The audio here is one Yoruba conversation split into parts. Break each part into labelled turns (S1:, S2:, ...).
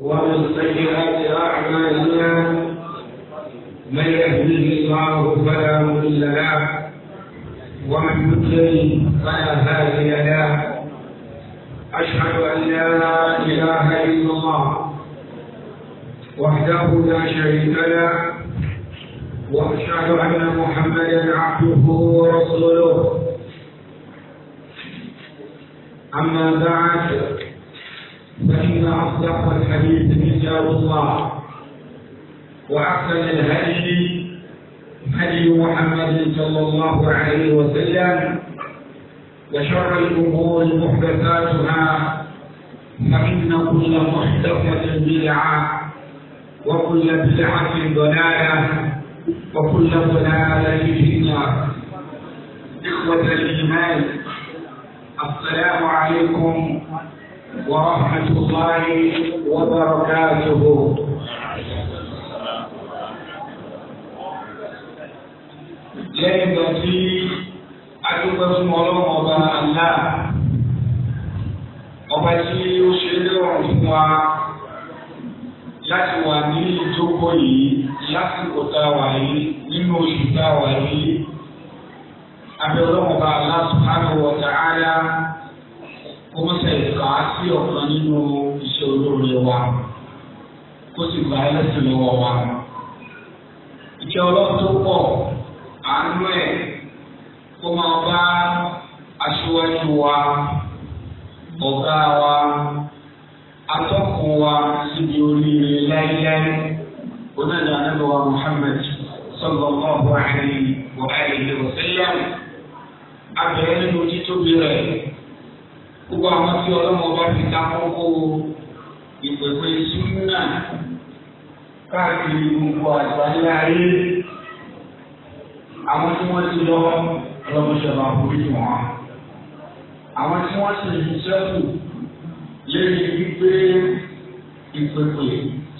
S1: ومن سيئات أعمالنا
S2: من يهديه الله فلا مضل
S1: له ومن يضلل فلا هادي له أشهد أن لا إله إلا الله وحده لا شريك له وأشهد أن محمدا عبده ورسوله أما بعد فإن أصدق الحديث كتاب الله وأحسن الهدي هدي محمد صلى الله عليه وسلم وشر الأمور محدثاتها فإن كل محدثة بدعة وكل بدعة ضلالة وكل ضلالة في النار إخوة الإيمان السلام عليكم ورحمة الله وبركاته lẹ́yìn tó tí adúgbò fún ọlọ́run ọba ńlá ọba tí ó ṣe lérò fún wa láti wà ní ìjókòó yìí lásìkò tá a wà yìí nínú oṣù tá a wà yìí abẹ́ ọlọ́run ọba Allah subhanahu wa ta'ala kó má ṣe ìka sí ọ̀kan nínú iṣẹ́ olóore wa kó sì gba ẹlẹ́sìn lọ́wọ́ wa. ìṣe ọlọ́run tó pọ̀ àánú ẹ̀ kó máa bá aṣíwájú wa ọ̀gá wa atọ́kùn wa síbi oríire láíláí onáda anábọ̀wá Muhammad sallallahu alaihi wa alihi wa sallam abẹ́rẹ́ nínú títóbi rẹ̀ gbogbo àwọn tí ọlọ́mọ bá ti dá kókó ìpèpè súnà káàkiri gbogbo àgbáyé ayé àwọn tí wọ́n ti lọ ọlọ́mọṣẹ́lá orí wọn àwọn tí wọ́n sì ń sẹ́kù lẹ́yìn wípé ìpèpè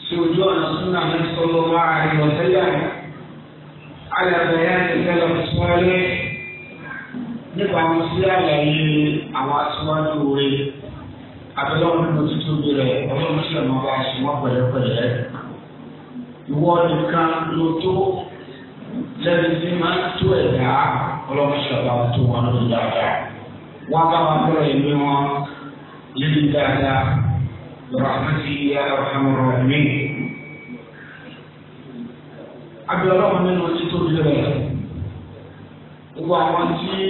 S1: sí ojú ọ̀nà súnà mẹ́sàn-án lọ́wọ́ àìlọ́tẹ́lẹ̀ àyàbẹ̀yà ìfẹ́ lọ́sọ̀rọ̀ nípa ní sí àlàyé àwọn aṣáájú rẹ àtọ́lọ́wọ́ nínú tuntun bí rẹ ọlọ́run sì ọmọ bá ṣe wọ́n pẹ̀lẹ́pẹ̀lẹ́ ìwọ nìkan ló tó lẹ́ni tí máa ń tó ẹ̀dá ọlọ́run sì ọba tó wọn lórí dáadáa wọ́n bá wọn bẹ̀rẹ̀ ìwé wọn lórí dáadáa rahmatu ya rahman rahmin abiyọlọ́wọ́ nínú tuntun bí rẹ gbogbo àwọn tí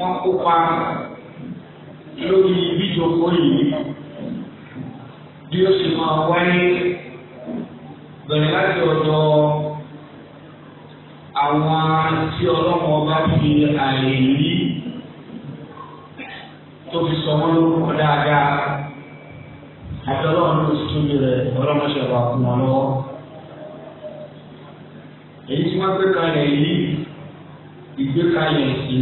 S1: wọ́n kópa lórí ìbíjọpọ yìí bí ó sì máa wáyé bẹ̀rẹ̀ láti ọ̀dọ̀ àwọn tí ọlọ́mọ bá fi àyè yìí tó fi sọ wọn lórúkọ dáadáa àti ọlọ́run ló ti tóbi rẹ̀ ọlọ́mọṣẹ́ wa kún wọn lọ́wọ́. èyí tí wọ́n gbé kalẹ̀ yìí ìgbé kalẹ̀ sí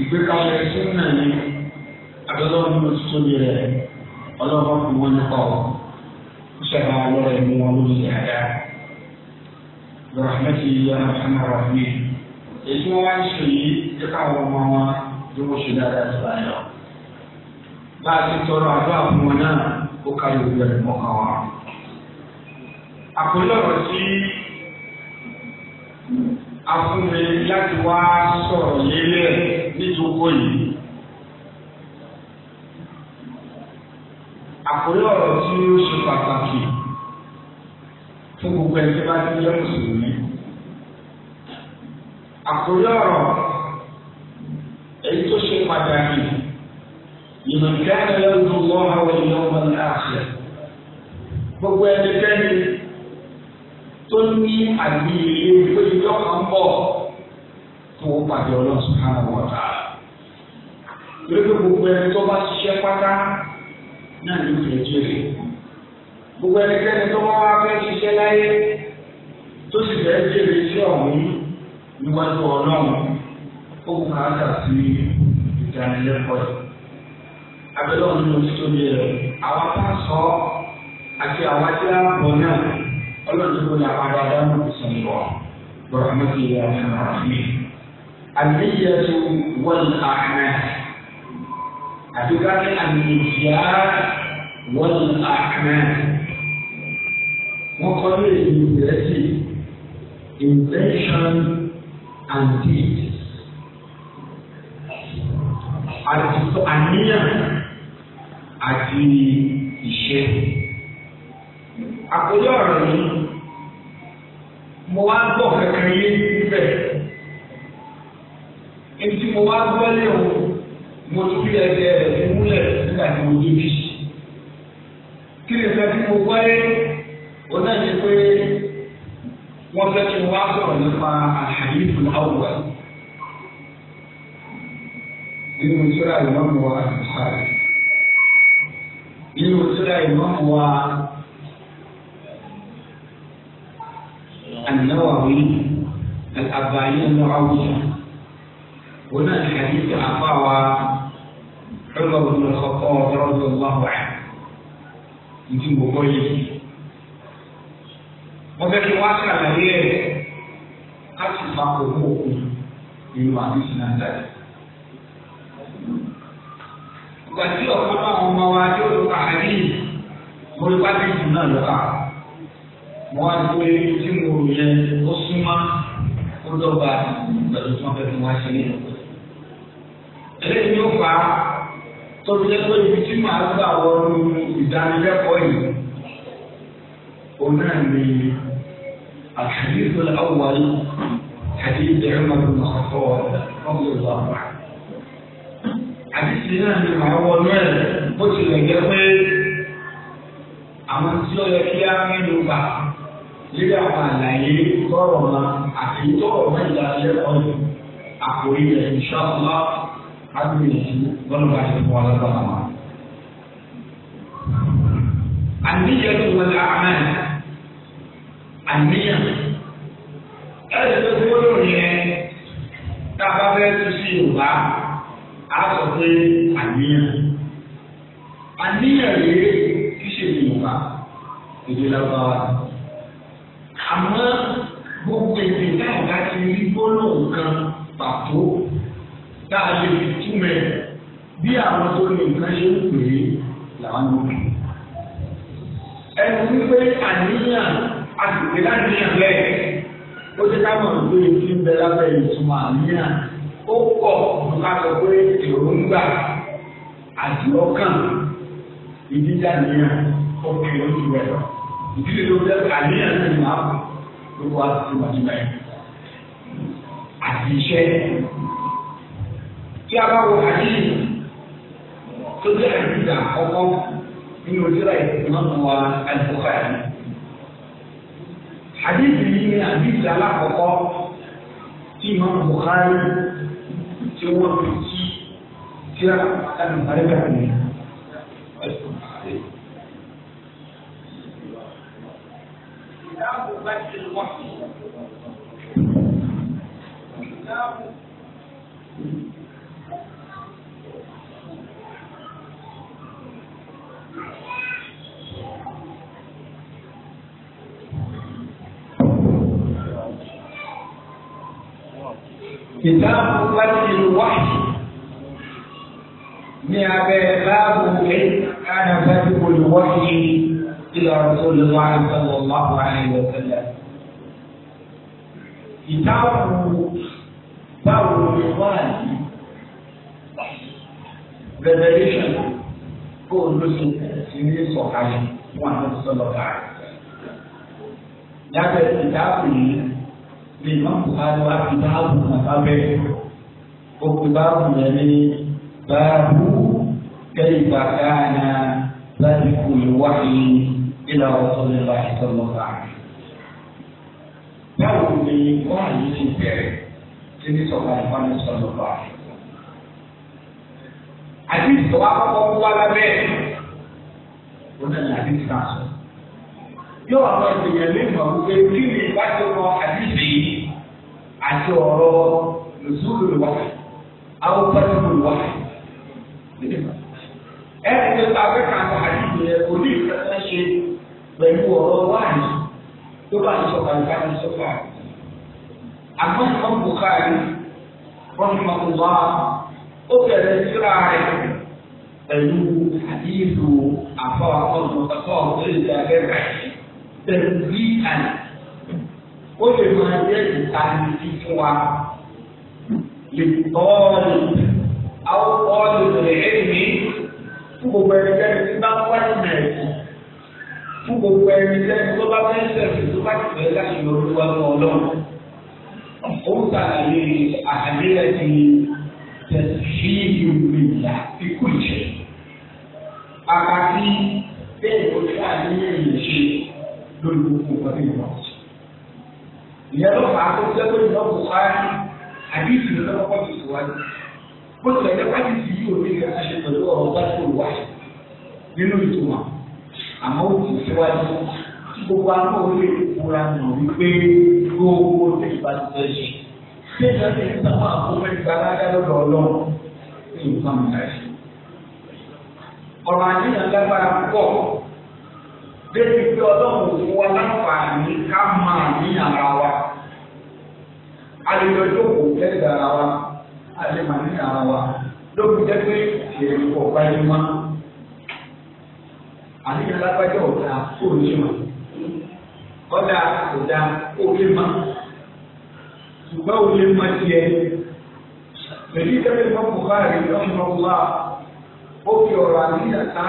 S1: ìgbékalẹ̀ sínú ní abẹ́lẹ́ ọdún tuntun ní rẹ̀ ọlọ́wọ́ fún wọn nípa ọ̀ ṣẹ̀dá lọ́rọ̀ ẹ̀mí wọn ló ṣe àdá rahmatu ya rahman rahim èyí tí wọ́n wá ń ṣe yìí kíkà àwọn ọmọ wọn bí wọ́n ṣe dáadáa sí báyọ̀ bá a ti tọrọ àdúrà fún wọn náà ó kárí orí ẹ̀rọ mọ́kàn wa àpòlọ́rọ̀ tí a fún mi láti wá sọ̀rọ̀ lélẹ̀ níjókòó yìí. àkórí ọ̀rọ̀ tí ó ṣe pàtàkì fún gbogbo ẹni tí bá ti jẹ́ mùsùlùmí. àkórí ọ̀rọ̀ èyí tó ṣe pàtàkì ìmọ̀ ìdáná lẹ́nu lọ́wọ́ àwọn ènìyàn ọmọ náà ṣe. gbogbo ẹnikẹ́ni tó ní àgbìyẹ pé ìjọba ń bọ̀ tó wọ́n pàdé ọlọ́run subhanahu wa ta'ala. lórí gbogbo ẹni tó bá ṣiṣẹ́ pátá náà ní ìfẹ́ jèrè. gbogbo ẹnikẹ́ni tó bá wá fẹ́ ṣiṣẹ́ láyé tó sì fẹ́ jèrè sí ọ̀hún níwájú ọlọ́run ó kù ká kà sí ìdánilẹ́kọ̀ọ́ yìí. abẹ́lẹ́ ọ̀hún ló ti tóbi rẹ̀ àwọn tá sọ àti àwọn tí a náà ọlọ́run tó kọjá àwọn adáadáa ń sọ̀rọ̀ bọ̀rọ̀ àmọ́ ìyá ọ̀hún náà rà mí. النية والأعمال أتكلم النيات والأعمال وقال النية intention and deeds àti àníyàn àti ìṣe àkójọ ọ̀rọ̀ yìí mo wá gbọ́ kankan yé níbẹ̀ etí mo wá gbẹ́lẹ̀ o mo tún fi ẹsẹ̀ rẹ̀ múlẹ̀ nígbà tí mo débi. kí ni fẹ́ kí mo gbọ́lé o náà ṣe pé wọ́n fẹ́ kí mo wá sọ̀rọ̀ nípa àṣàyíkù láwùwà. nínú ìṣúra ìmọ̀mù wa àṣàrẹ̀ nínú ìṣúra ìmọ̀mù wa ànáwàwí àbáyé ńlọ́wọ́ àwùjọ. هنا الحديث عطاء عمر بن الخطاب رضي الله عنه يجيب كويس wọ́n fẹ́ kí wọ́n á ṣàlàyé ẹ̀ láti fa owó òkun nínú àdúgbò náà jáde. Ìgbà tí ọ̀pọ̀ náà ọmọ wa tí ó lọ́ka àdí mo rí pàtẹ́kì náà lọ́ka. Mo wá ní pé tí mo rò yẹn ó súnmọ́ ó dọ́gba pẹ̀lú tí wọ́n fẹ́ fi wá ṣe nínú eléyìí ni ó fà á tóbi jẹ́ pé ibi tí màá gbà wọnú ìdánilẹ́kọ̀ọ́ yìí òun náà ni àṣàlìfò àwọn حديث عمر بن الخطاب رضي الله عنه àdìsí náà ni màá wọnú ẹ̀ bó tilẹ̀ jẹ́ pé àwọn tí ó yẹ kí á nínú gbà lórí àwọn àlàyé tọrọ ma àti tọrọ ma ìdánilẹ́kọ̀ọ́ yìí àkòrí ẹ̀ ìṣọ́ọ̀lá agbèrè yìí lọ́nà bá yẹ fún wa lọ́dọ̀ àwọn. àníyàn tó wọlé àmàn àníyàn ẹ̀rọ tó tó lò yẹn tá a bá fẹ́ tu sí yorùbá a sọ pé àníyàn àníyàn rèé kí ṣe ní yorùbá èdè lábáwá àmọ́ gbogbo èdè náà bá ti rí gbólóhùn kan pàtó tá a lè fi túmọ̀ ẹ̀ bí àwọn tó ní nǹkan ṣe ń pè é làwọn ń pè é. ẹnu wípé àníyàn àtìpé láníyàn lẹ́ẹ̀ ó ti ká mọ̀ pé kí n bẹ lábẹ́ ìtumọ̀ àníyàn ó pọ̀ nípa sọ pé èròǹgbà àti ọkàn ìdíjà níyàn ó kéré ojú ẹ̀ lọ ìdílé ló fẹ́ àníyàn ní ìlànà ló wá sí ìwádìí báyìí àti iṣẹ́. tí a bá wo àdéhùn tó jẹ́ àdéhùn àkọ́kọ́ nínú ojúra ìmọ̀nà wa àdìbòkà yìí. àdéhùn yìí ni àdéhùn alákọ̀ọ́kọ́ tí ìmọ̀nà Bukhari tí wọ́n fi kí tí a kàdùn àríkà nìyẹn. كتاب بدء الوحي كتاب kìtàbù láti wáyé ní abẹ́ báàbù ẹ̀ka fẹ́ẹ́ wọlé wáyé ilẹ̀ ọ̀rọ̀ lè wá sọ̀rọ̀ lọ́wọ́ àìwọ̀ tẹ́lẹ̀. Kìtàbù báwo ni wáyé revelation kó o lóṣù sí ní sọ̀kalẹ̀ wọn àti sọ̀lọ̀ báyìí. Yàtọ̀ kìtàbù yìí lè má kó káàdì wá fi báàbù nàfà bẹ́ẹ̀. ó pe báàbù yẹn ní báàbù kẹ́lí bàkà náà láti kú ìwáyé ìlà ọ̀sán ní láti tọ́lọ́ báyìí. báwo ni wọ́n àyè ti bẹ̀rẹ̀ tí ní sọ̀rọ̀ àìmọ́ni sọ̀rọ̀ báyìí. àti ìsọ̀wá kọ́kọ́ wá lábẹ́ ẹ̀. ó dẹ̀ ní àdìsí yóò wà lọ ìgbìyànjú ní ìmọ̀ wípé kí ni ìbáṣepọ̀ àdìsí àti ọ̀rọ̀ lùsùlù wà àwọn pẹ̀lú wà ẹni tó bá fẹ́ kà á àdìsí yẹn kò ní ìfẹ́ ṣe pẹ̀lú ọ̀rọ̀ wáyé tó bá ń sọ̀rọ̀ nípa ní sọ́fà àmọ́ ìmọ̀ bùkárì wọ́n fi máa ń wá ó bẹ̀rẹ̀ síra rẹ̀ pẹ̀lú àdìsí àfọwọ́ ọ̀gbọ̀n tó ń ìdí tẹ̀lé àná ó lè máa jẹ́ ìtanijí fún wa lè tọ́ọ̀lù àwọn ọ̀ọ́lù rẹ̀ ẹ̀mí fún gbogbo ẹnikẹ́ni tí bá wá ìmọ̀ ẹ̀sìn fún gbogbo ẹnikẹ́ni tó bá fẹ́ sẹ̀sìn tó bá ti fẹ́ láti yọ olúwa mọ́ ọlọ́run ó ń sàlàyé àhàlẹ́ ti tẹ̀sí ìlú ìyá ikú ìṣẹ̀ àkàtì bẹ́ẹ̀ ló ṣàlàyé ìṣe lórí gbogbo nǹkan tó yẹn náà. ìyẹn ló fà á tó jẹ́ pé ìlú ọ̀gbọ̀n wá àbí ìlú lọ́kọ́ ti sùn wájú. bó tilẹ̀ jẹ́ pàtí ti yí òní rẹ̀ ṣe pẹ̀lú ọ̀rọ̀ bá tó wà nínú ìtumọ̀ àmọ́ ó ti síwájú gbogbo akọ́ orí ìfura nù wípé gbogbo ní ìbáṣepọ̀ ṣe. Ṣé ìjọba ti ń sọ́kọ́ àkókò ìgbàlágà lọ́dọ̀ ọlọ́run
S2: ní nǹkan mìíràn?
S1: Ọ̀rọ̀ débi pé ọlọ́run fún wa láǹfààní ká máa ní ara wa alẹ́lọ́dọ́kọ̀ kẹ́lẹ́ ara wa alẹ́ máa ní ara wa lókun jẹ́ pé èrè ọ̀pá ẹni wá àníyàn lágbájá ọ̀tá kò ní mọ̀ ọ̀dà ọ̀dà ó lè mọ̀ ṣùgbọ́n ó lè mọ̀ tiẹ̀ pẹ̀lú ìtẹ́lẹ̀ mọ́kànlá rẹ̀ lọ́mọ́lá ó fi ọ̀rọ̀ àníyàn ká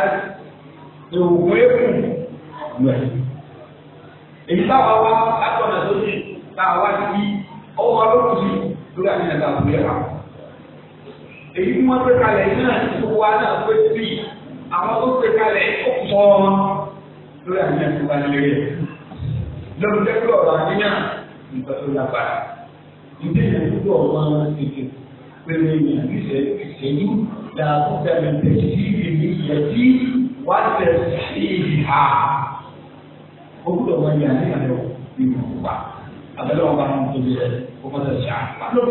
S1: ewùgbọ́n ẹ̀kùn lọ ẹ̀. èyí táwa wá látọ̀nà tó ní táwa ti ọwọ́ alókùsì lórí àti nàìjíríà tó yẹ wá. èyí tí wọ́n gbé kalẹ̀ yìí náà ti tó wá náà pé sí àwọn tó gbé kalẹ̀ ó pọ̀ lórí àti nàìjíríà tó wá lé rẹ̀. lọ́dún tẹ́kọ̀ ọ̀rọ̀ àdínyà nǹkan tó lágbára. ìdí ìyẹn tó ọ̀rọ̀ pẹ̀lú ìṣẹ́jú làbúgbà mi tẹ̀sí ìrìnyẹ̀tì wà tẹ̀sí ìhà. ogudo wa yaani ayo bi mo ba adalo wa ham to bi ko ma da sha ma lo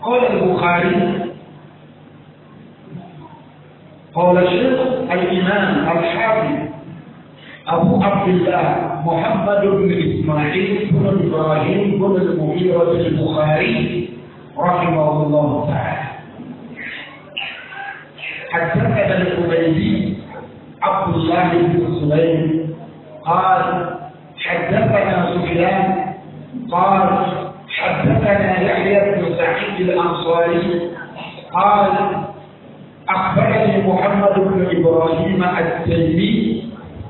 S1: قال البخاري قال الشيخ الإمام الحافظ أبو عبد الله محمد بن إسماعيل بن إبراهيم بن المغيرة البخاري رحمه الله تعالى حدثنا الحبيبي عبد الله بن سليم قال حدثنا سفيان قال حدثنا يحيى بن سعيد الانصاري قال اخبرني محمد بن ابراهيم التيمي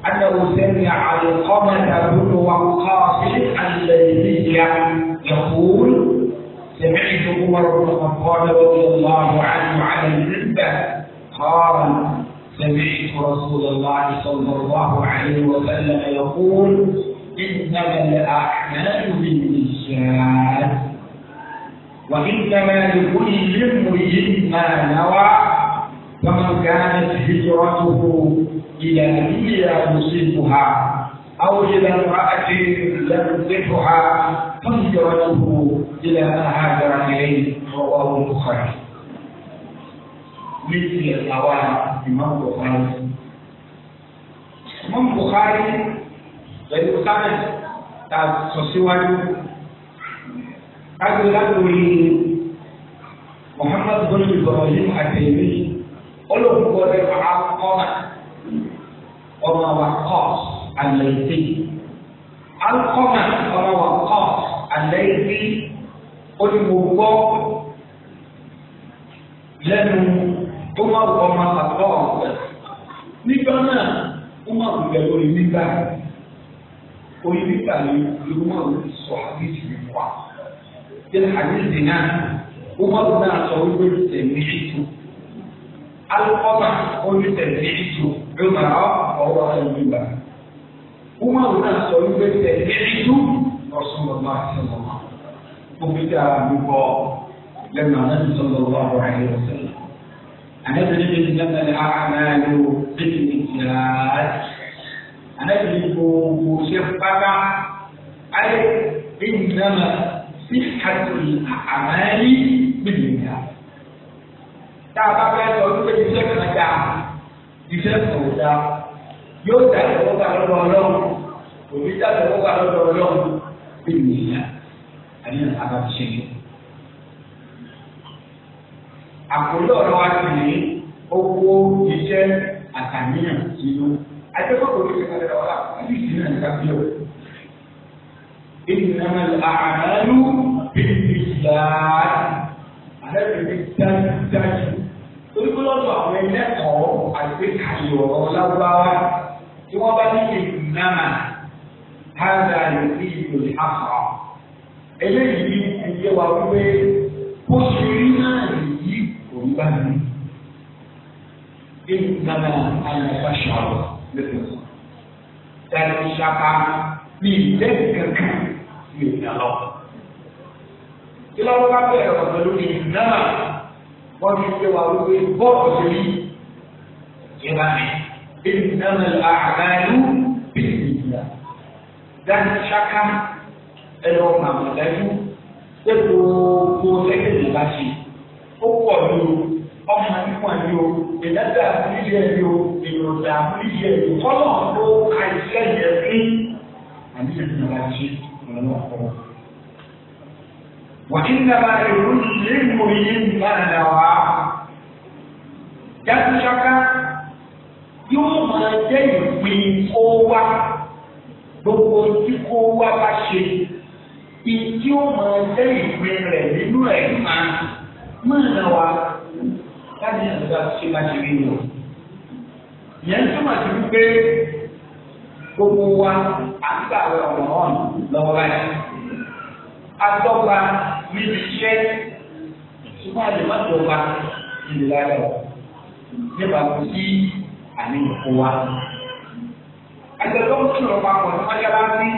S1: انه سمع القمه بن وقاص الليلي يقول سمعت عمر بن الخطاب رضي الله عنه على المنبر قال سمعت رسول الله صلى الله عليه وسلم يقول إنما الأعمال بالنسيان وإنما لكل امرئ ما نوى فمن كانت هجرته إلى دنيا يصيبها أو إلى امرأة لم تصفها فهجرته إلى ما هاجر إليه رواه البخاري مثل القواعد إمام بخاري إمام بخاري غير خارج تاع سوسيوان قالوا له محمد بن إبراهيم التيمي قلوا بقول العقامة وما وقاص الليثي القمة وما وقاص الليثي قل بقول لأنه ó má wọ ọmọ àtọ́ ọ̀gbẹ́ nígbà náà ó má lórí nígbà orí nígbà ni ló má sọ àdéjì mi wá jẹ́ àdéjì náà ó má wọ náà sọ wípé tẹ̀mí ètò alukọ́mà orí náà sọ wípé bàbá àti àná àwọn anábìrin lè ti lẹ́sẹ̀ lè àmàlò bẹ́ẹ̀ ní ìlàjì anábìrin gbogbo ṣe pátá ayé ìnáma sí àti àmàlì bẹ́ẹ̀ ní ìlàjì. tá a bá fẹ́ sọ wípé iṣẹ́ kan dáa iṣẹ́ kan ò dáa yóò dá ìfowópamọ́ lọ́dọ̀ ọlọ́run òbí dá ìfowópamọ́ lọ́dọ̀ ọlọ́run bẹ́ẹ̀ ní ìlàjì àní àbáṣe yìí. àkọlé ọ̀rọ̀ wa ti ní owó iṣẹ́ àtàníyàn sínú ajẹ́kọ̀ọ́ kò ní ṣe kálẹ̀ wàhálà àbí ìsinmi àti kábíyọ̀. ìnáwó àmàlú bíbí ìlànà àlẹ́bìnrin dájúdájú onígbọ́lọ́dọ̀ àwọn ẹlẹ́kọ̀ọ́ àgbékalẹ̀ ọ̀rọ̀ lágbára tí wọ́n bá ní ìnáwó hàdà lórí ìlú àfọ̀ eléyìí ẹ̀yẹ wa wípé kó ṣe rí náà bá mi ìnana àyàbáṣàrò lẹ́nu dájú ṣáká ní ìlẹ́nu kankan ní ìdá lọ. ìlọ́wọ́ bá bẹ̀rẹ̀ ọ̀rọ̀ pẹ̀lú ìdá wọ́n ti ṣe wà wípé bọ́ọ̀lù ṣe ìjẹba mi ìnana àgbáyé bí ìdá dájú ṣáká ẹ̀rọ màmúdájú pé gbogbo ẹgbẹ̀rún bá ṣe ó pọ̀ ní o ọmọ níwọ̀n ní o ìdájọ́ àbúlíyẹ ní o ìrọ̀dà àbúlíyẹ ní o kọ́nà ló ka iṣẹ́ yẹn pé àbí ìrìn àjò àti ìrànlọ́ ọ̀pọ̀. وإنما الرجل للمؤمن ما نوى dájú ṣáká yóò máa jẹ́ ìpín kó wá gbogbo tí kó wá bá ṣe ìdí ó máa jẹ́ ìpín rẹ̀ nínú ẹ̀ máa máa nà wá láti yàn nígbà tó ṣe máa ṣe rí ni o. ìyẹn túmọ̀ sí wípé gbogbo wa àgbà rẹ̀ ọ̀nà ọ̀nà lọ́wọ́ báyìí. Adọ́gba níbi iṣẹ́ ṣùgbọ́n àlè má dọ́gba níbi lára nípa kò sí àníyàn fún wa. Àjọ̀dọ́ ń sọ̀rọ̀ papọ̀ ní Májáláńtì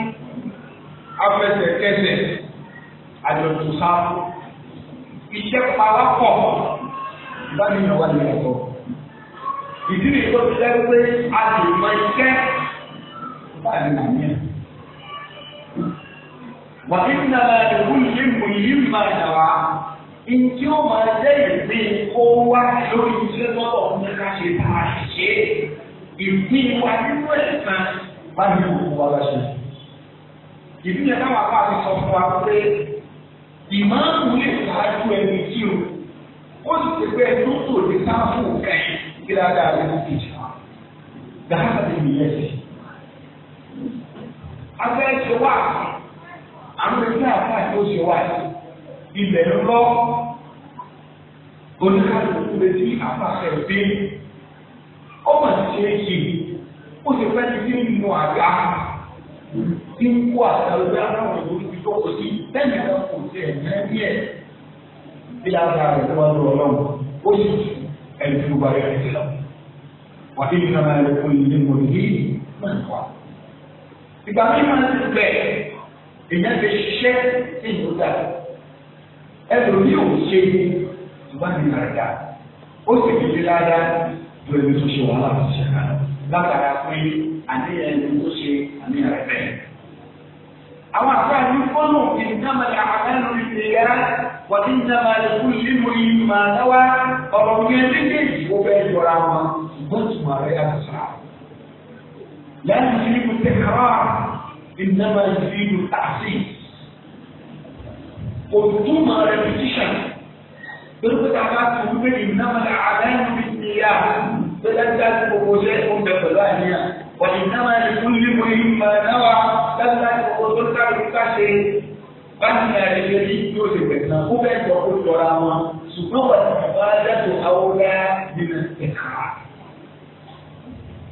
S1: afẹsẹ̀kẹsẹ̀ àjọ̀dún sáfù iṣẹ́ pawápọ̀ lọ́nà ìyàwó àti ìyàwó. Ìdí mi tó ti lẹ́nu pé a lè mọ iṣẹ́ báyìí nà ní ẹ̀. Wàbí nàrà ìwú yìí mú yìí máa nà wá. Ìjì ó máa jẹ́ ìpín kó wá lórí iṣẹ́ lọ́dọ̀ ní ká ṣe bá ṣe. Ìpín wa nínú ẹ̀sán báyìí kò wá lọ́sẹ̀. Ìdí yẹn táwọn apá mi sọ fún wa pé. ìmáàmù lè ṣáájú ẹni tí o ó sì ti pẹ́ tó tò ní sáfù kẹ́yìn kí dáadáa rẹ̀ ló kejì wá. Dáhà ti nìyẹn sí. Afẹ́ ṣe wá àwọn ẹgbẹ́ ṣe wá ilẹ̀ lọ oníkàlùkù lè ti àpàṣẹ bí ó mà ṣe é ṣe ó pẹ́ ti nínú àga lẹ́yìn náà kò sí ẹ̀yẹ́ bí ẹ̀ bí a ta rẹ̀ tó wá lọ ọlọ́run ó sì ju ẹni tó bá yẹ ẹni lọ. wà á nínú ara rẹ̀ kó ilé mọ̀ ní máa wà. ìgbà mi máa ń bẹ̀ èèyàn ti ṣiṣẹ́ sí ìlú dà ẹ̀rọ ní òun ṣe ṣùgbọ́n ní nàìjíríà ó sì fi lé dáadáa ju ẹni tó ṣe wàhálà tó ṣe kàn látara pé àníyàn ẹni tó ṣe àníyàn rẹ̀ bẹ́ẹ̀. أو أفعل يفهم إنما الأعمال بالنيات وإنما لكل امرئ ما نوى ọ̀rọ̀ yẹn lédèjì ó bẹ́ẹ̀ jọra wọn ṣùgbọ́n tí wọ́n rẹ̀ yàtọ̀ sára. lẹ́yìn tí mo ti kàrà ìnáwó ìdílé tàṣí òtúmọ̀ rẹpítíṣàn pẹ̀lú pé ká bá tún pé ìnáwó àdáyé mi ti yá pé dájú àti gbogbo ṣe ń bẹ pẹ̀lú àníyàn. وإنما لكل امرئ ما نوى كلا وقلت بكاشي فانا لجديد يوسف بن نقوبة وقلت راما سبوة عبادة أولى من الاستقرار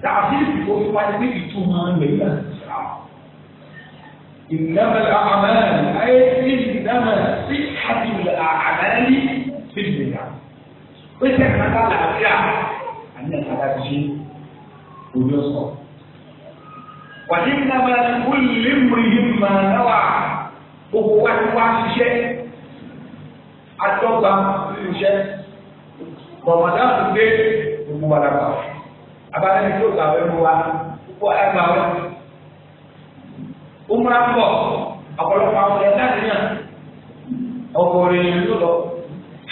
S1: تعزيز بقول ما يريد تمام بالله إنما الأعمال أي إنما صحة الأعمال في البدع وإذا كان الأعمال أنك لا تجيب ونصف wàhíńdàmà kúlì mìíràn máa náwà gbogbo wa ti wá ṣiṣẹ́ adọ́gba ṣiṣẹ́ mọ̀mọ́dá tó dé gbogbo wa dàgbà abalẹ́ni tó gbà wẹ́nu wa kó ẹ gbà wẹ́ umra pọ̀ ọ̀pọ̀lọpọ̀ àwọn ẹ̀dá nìyàn ọkùnrin yẹn ló lọ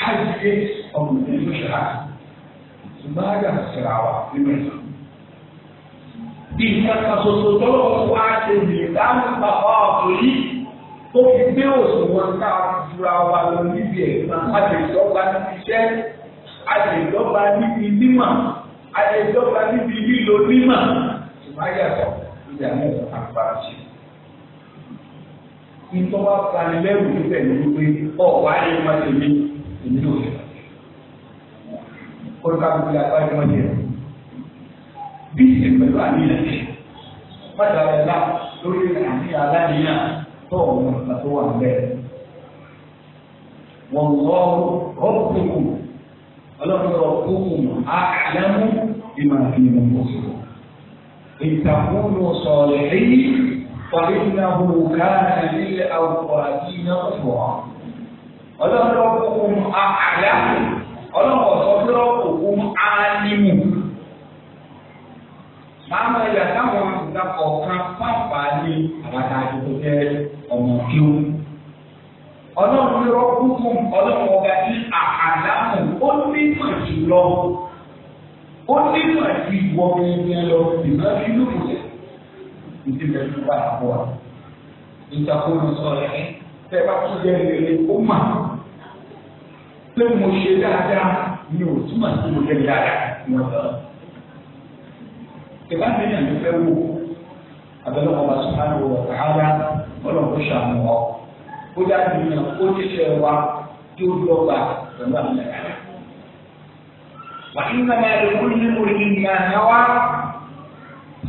S1: hajj ọmọdé ló ṣe ha ṣùgbọ́n ajá ṣe wa nínú ìsọ̀rọ̀ ìfẹsẹ̀sọ̀tò tọ́lọ́ wá ṣe lè dáhùn bàbá ọ̀tọ̀ yìí tó fi gbé òṣùwọ̀n ká fura wa lọ níbi ẹ̀gbọ́n àjẹjọba níbi iṣẹ́ àjẹjọba níbi mímọ̀ àjẹjọba níbi lílo mímọ̀ ṣùgbọ́n àyàtọ̀ ìdààmú àgbàrá ṣe. ìtọ́wá parí lẹ́rù níbẹ̀ ní wípé ọ̀wá ni wọ́n ti ní ìlú rẹ̀. kọ́ńtà gbogbo àgbáyé wọn jẹ́ rẹ̀ bí ṣe pẹ̀lú àníyàn ṣe pàtàkì rẹ̀ lá lórí àníyàn aláníyàn tó ọ̀hún ọ̀gá tó wà bẹ́ẹ̀. wọ́n lọ rọ́pùkù ọlọ́run rọ́pùkù àkàlẹ́mú ìmọ̀ àfihàn òṣèlú. ìtàkùnù sọ̀rọ̀ èyí fàlínàbù káàkiri nílẹ̀ àwùjọ àti iná ọ̀fọ̀. ọlọ́run rọ́pùkù àkàlẹ́mú ọlọ́run ọ̀sọ́ rọ́pùkù ánímù máa ma yà sáwọn ìgbà kọ̀ọ̀kan pàápàá ní àwọn àti tó jẹ́ ọmọ kíw. ọlọ́run ló kúkú ọlọ́run ọba ní àhàdámù ó nímọ̀ jùlọ ó nímọ̀ ju ìwọ ẹ̀yẹ lọ ìmọ̀ inú rẹ̀ ìdí bẹ̀rẹ̀ tó bá àbọ̀ wa. ìtàkùn sọ̀rọ̀ ẹ̀ tẹ́ bá tún jẹ́ rere ó mà pé mo ṣe dáadáa mi ò túmọ̀ sí mo jẹ́ dáadáa ní ọ̀dọ́. ìbáṣe yẹn ló fẹ́ wò abẹ́lẹ́ ọba sùpàdé wọ̀ káàdà ọlọ́run kò ṣàmù ọ́ ó dájú yẹn ó ti ṣe wa tí ó lọ gbà pẹ̀lú àmì ẹ̀ka. wà á nígbà máa lè kúrò nínú orí ní àyàwá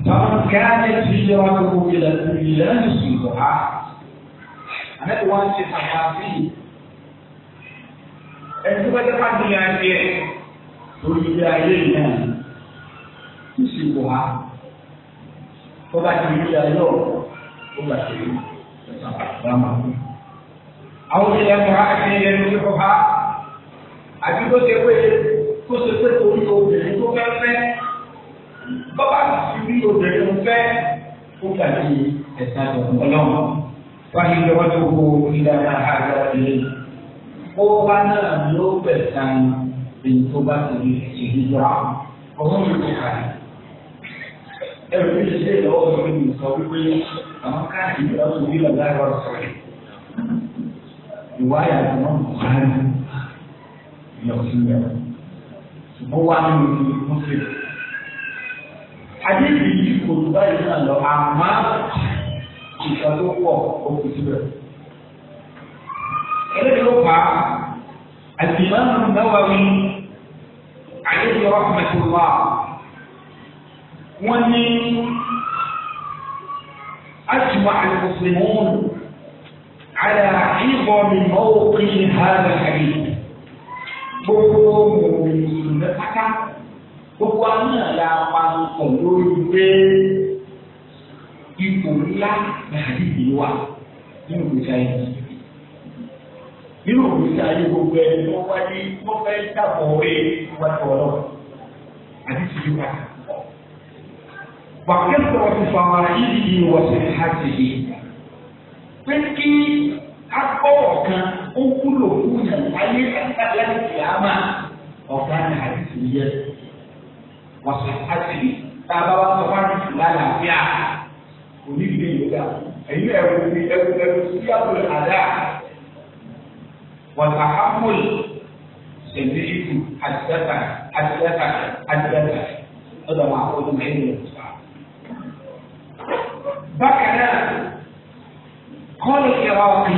S1: báwọn gáàdé ti yẹ wọn kó ìlẹ̀ ìlẹ̀ ń sùn bọ̀ á. àmẹ́tí wọ́n ti sàmà sí ẹ̀sùn pẹ́ẹ́tẹ́ pàdé yẹn á jẹ́ lórí ilé ayé yẹn. ipò wa tó bá ti rí ayọ̀ ó gbà sí ìsàmà. àwọn èèyàn kan á ti yẹ ní ọba àti tó ṣe pé tó ṣe pé torí obìnrin tó fẹ́ fẹ́ bọ́bá ti rí obìnrin tó fẹ́ ó gbà sí ẹ̀sán ọlọ́run wáyé lọ́wọ́ tó kó ìlànà àgbà ọ̀lẹ́ ó bá náà ló bẹ̀ sáyẹn èyí tó bá ti rí ìdíjọ́ àwọn ọmọ ìlú kàlẹ́ ẹ̀rù mi ti dé ìlọ́wọ́ sọ pé mi sọ wípé àwọn káàkiri ìlú ọ̀sùn bí lọ́dọ̀ àgbà sọ rẹ̀. Ìwáyà ti wọ́n mọ̀ wáyé lọ sí ẹ̀rọ. Ṣùgbọ́n wá nínú ti mú sí. Adé yìí kò tó báyìí náà lọ, àmọ́ ìṣà tó pọ̀ ó kù síbẹ̀. Ẹlẹ́dẹ̀ ló fà á, àti ìmọ̀ náà wà wí, àyè ti rọ́ọ̀mẹ̀tì wà á wọ́n ní ajma al-muslimun ala ìbọn mi ọ̀hún kí ni hàdà hadith gbogbo mùsùlùmí pátá gbogbo àwọn ẹ̀la panupọ̀ lórí pé ipò ńlá nàìjíríà yìí wà nínú ìgbésí ayé nínú ìgbésí ayé gbogbo ẹni wọ́n wáyé wọ́n fẹ́ dàbọ̀ orí wájú ọlọ́run àti tìjú pátá. وكثرة فوائده وصحته pé kí akọ́wọ̀ kan ó wúlò fún yàn láyé láti kìámà ọ̀gá ní àdìsí yẹ wàsàkàtì tá a bá wá sọ fún àdìsí lálàáfíà onígbé yorùbá èyí ẹ̀rù ni ẹ̀rù ẹ̀rù sí àbúrò àdá wàsàkàmùl ṣẹ̀lẹ̀ ìlú àdìsẹ́ta àdìsẹ́ta àdìsẹ́ta ọ̀dọ̀ àwọn akọ́dún mẹ́rin bákan náà kọ́lù ìrọ̀ ọ̀kì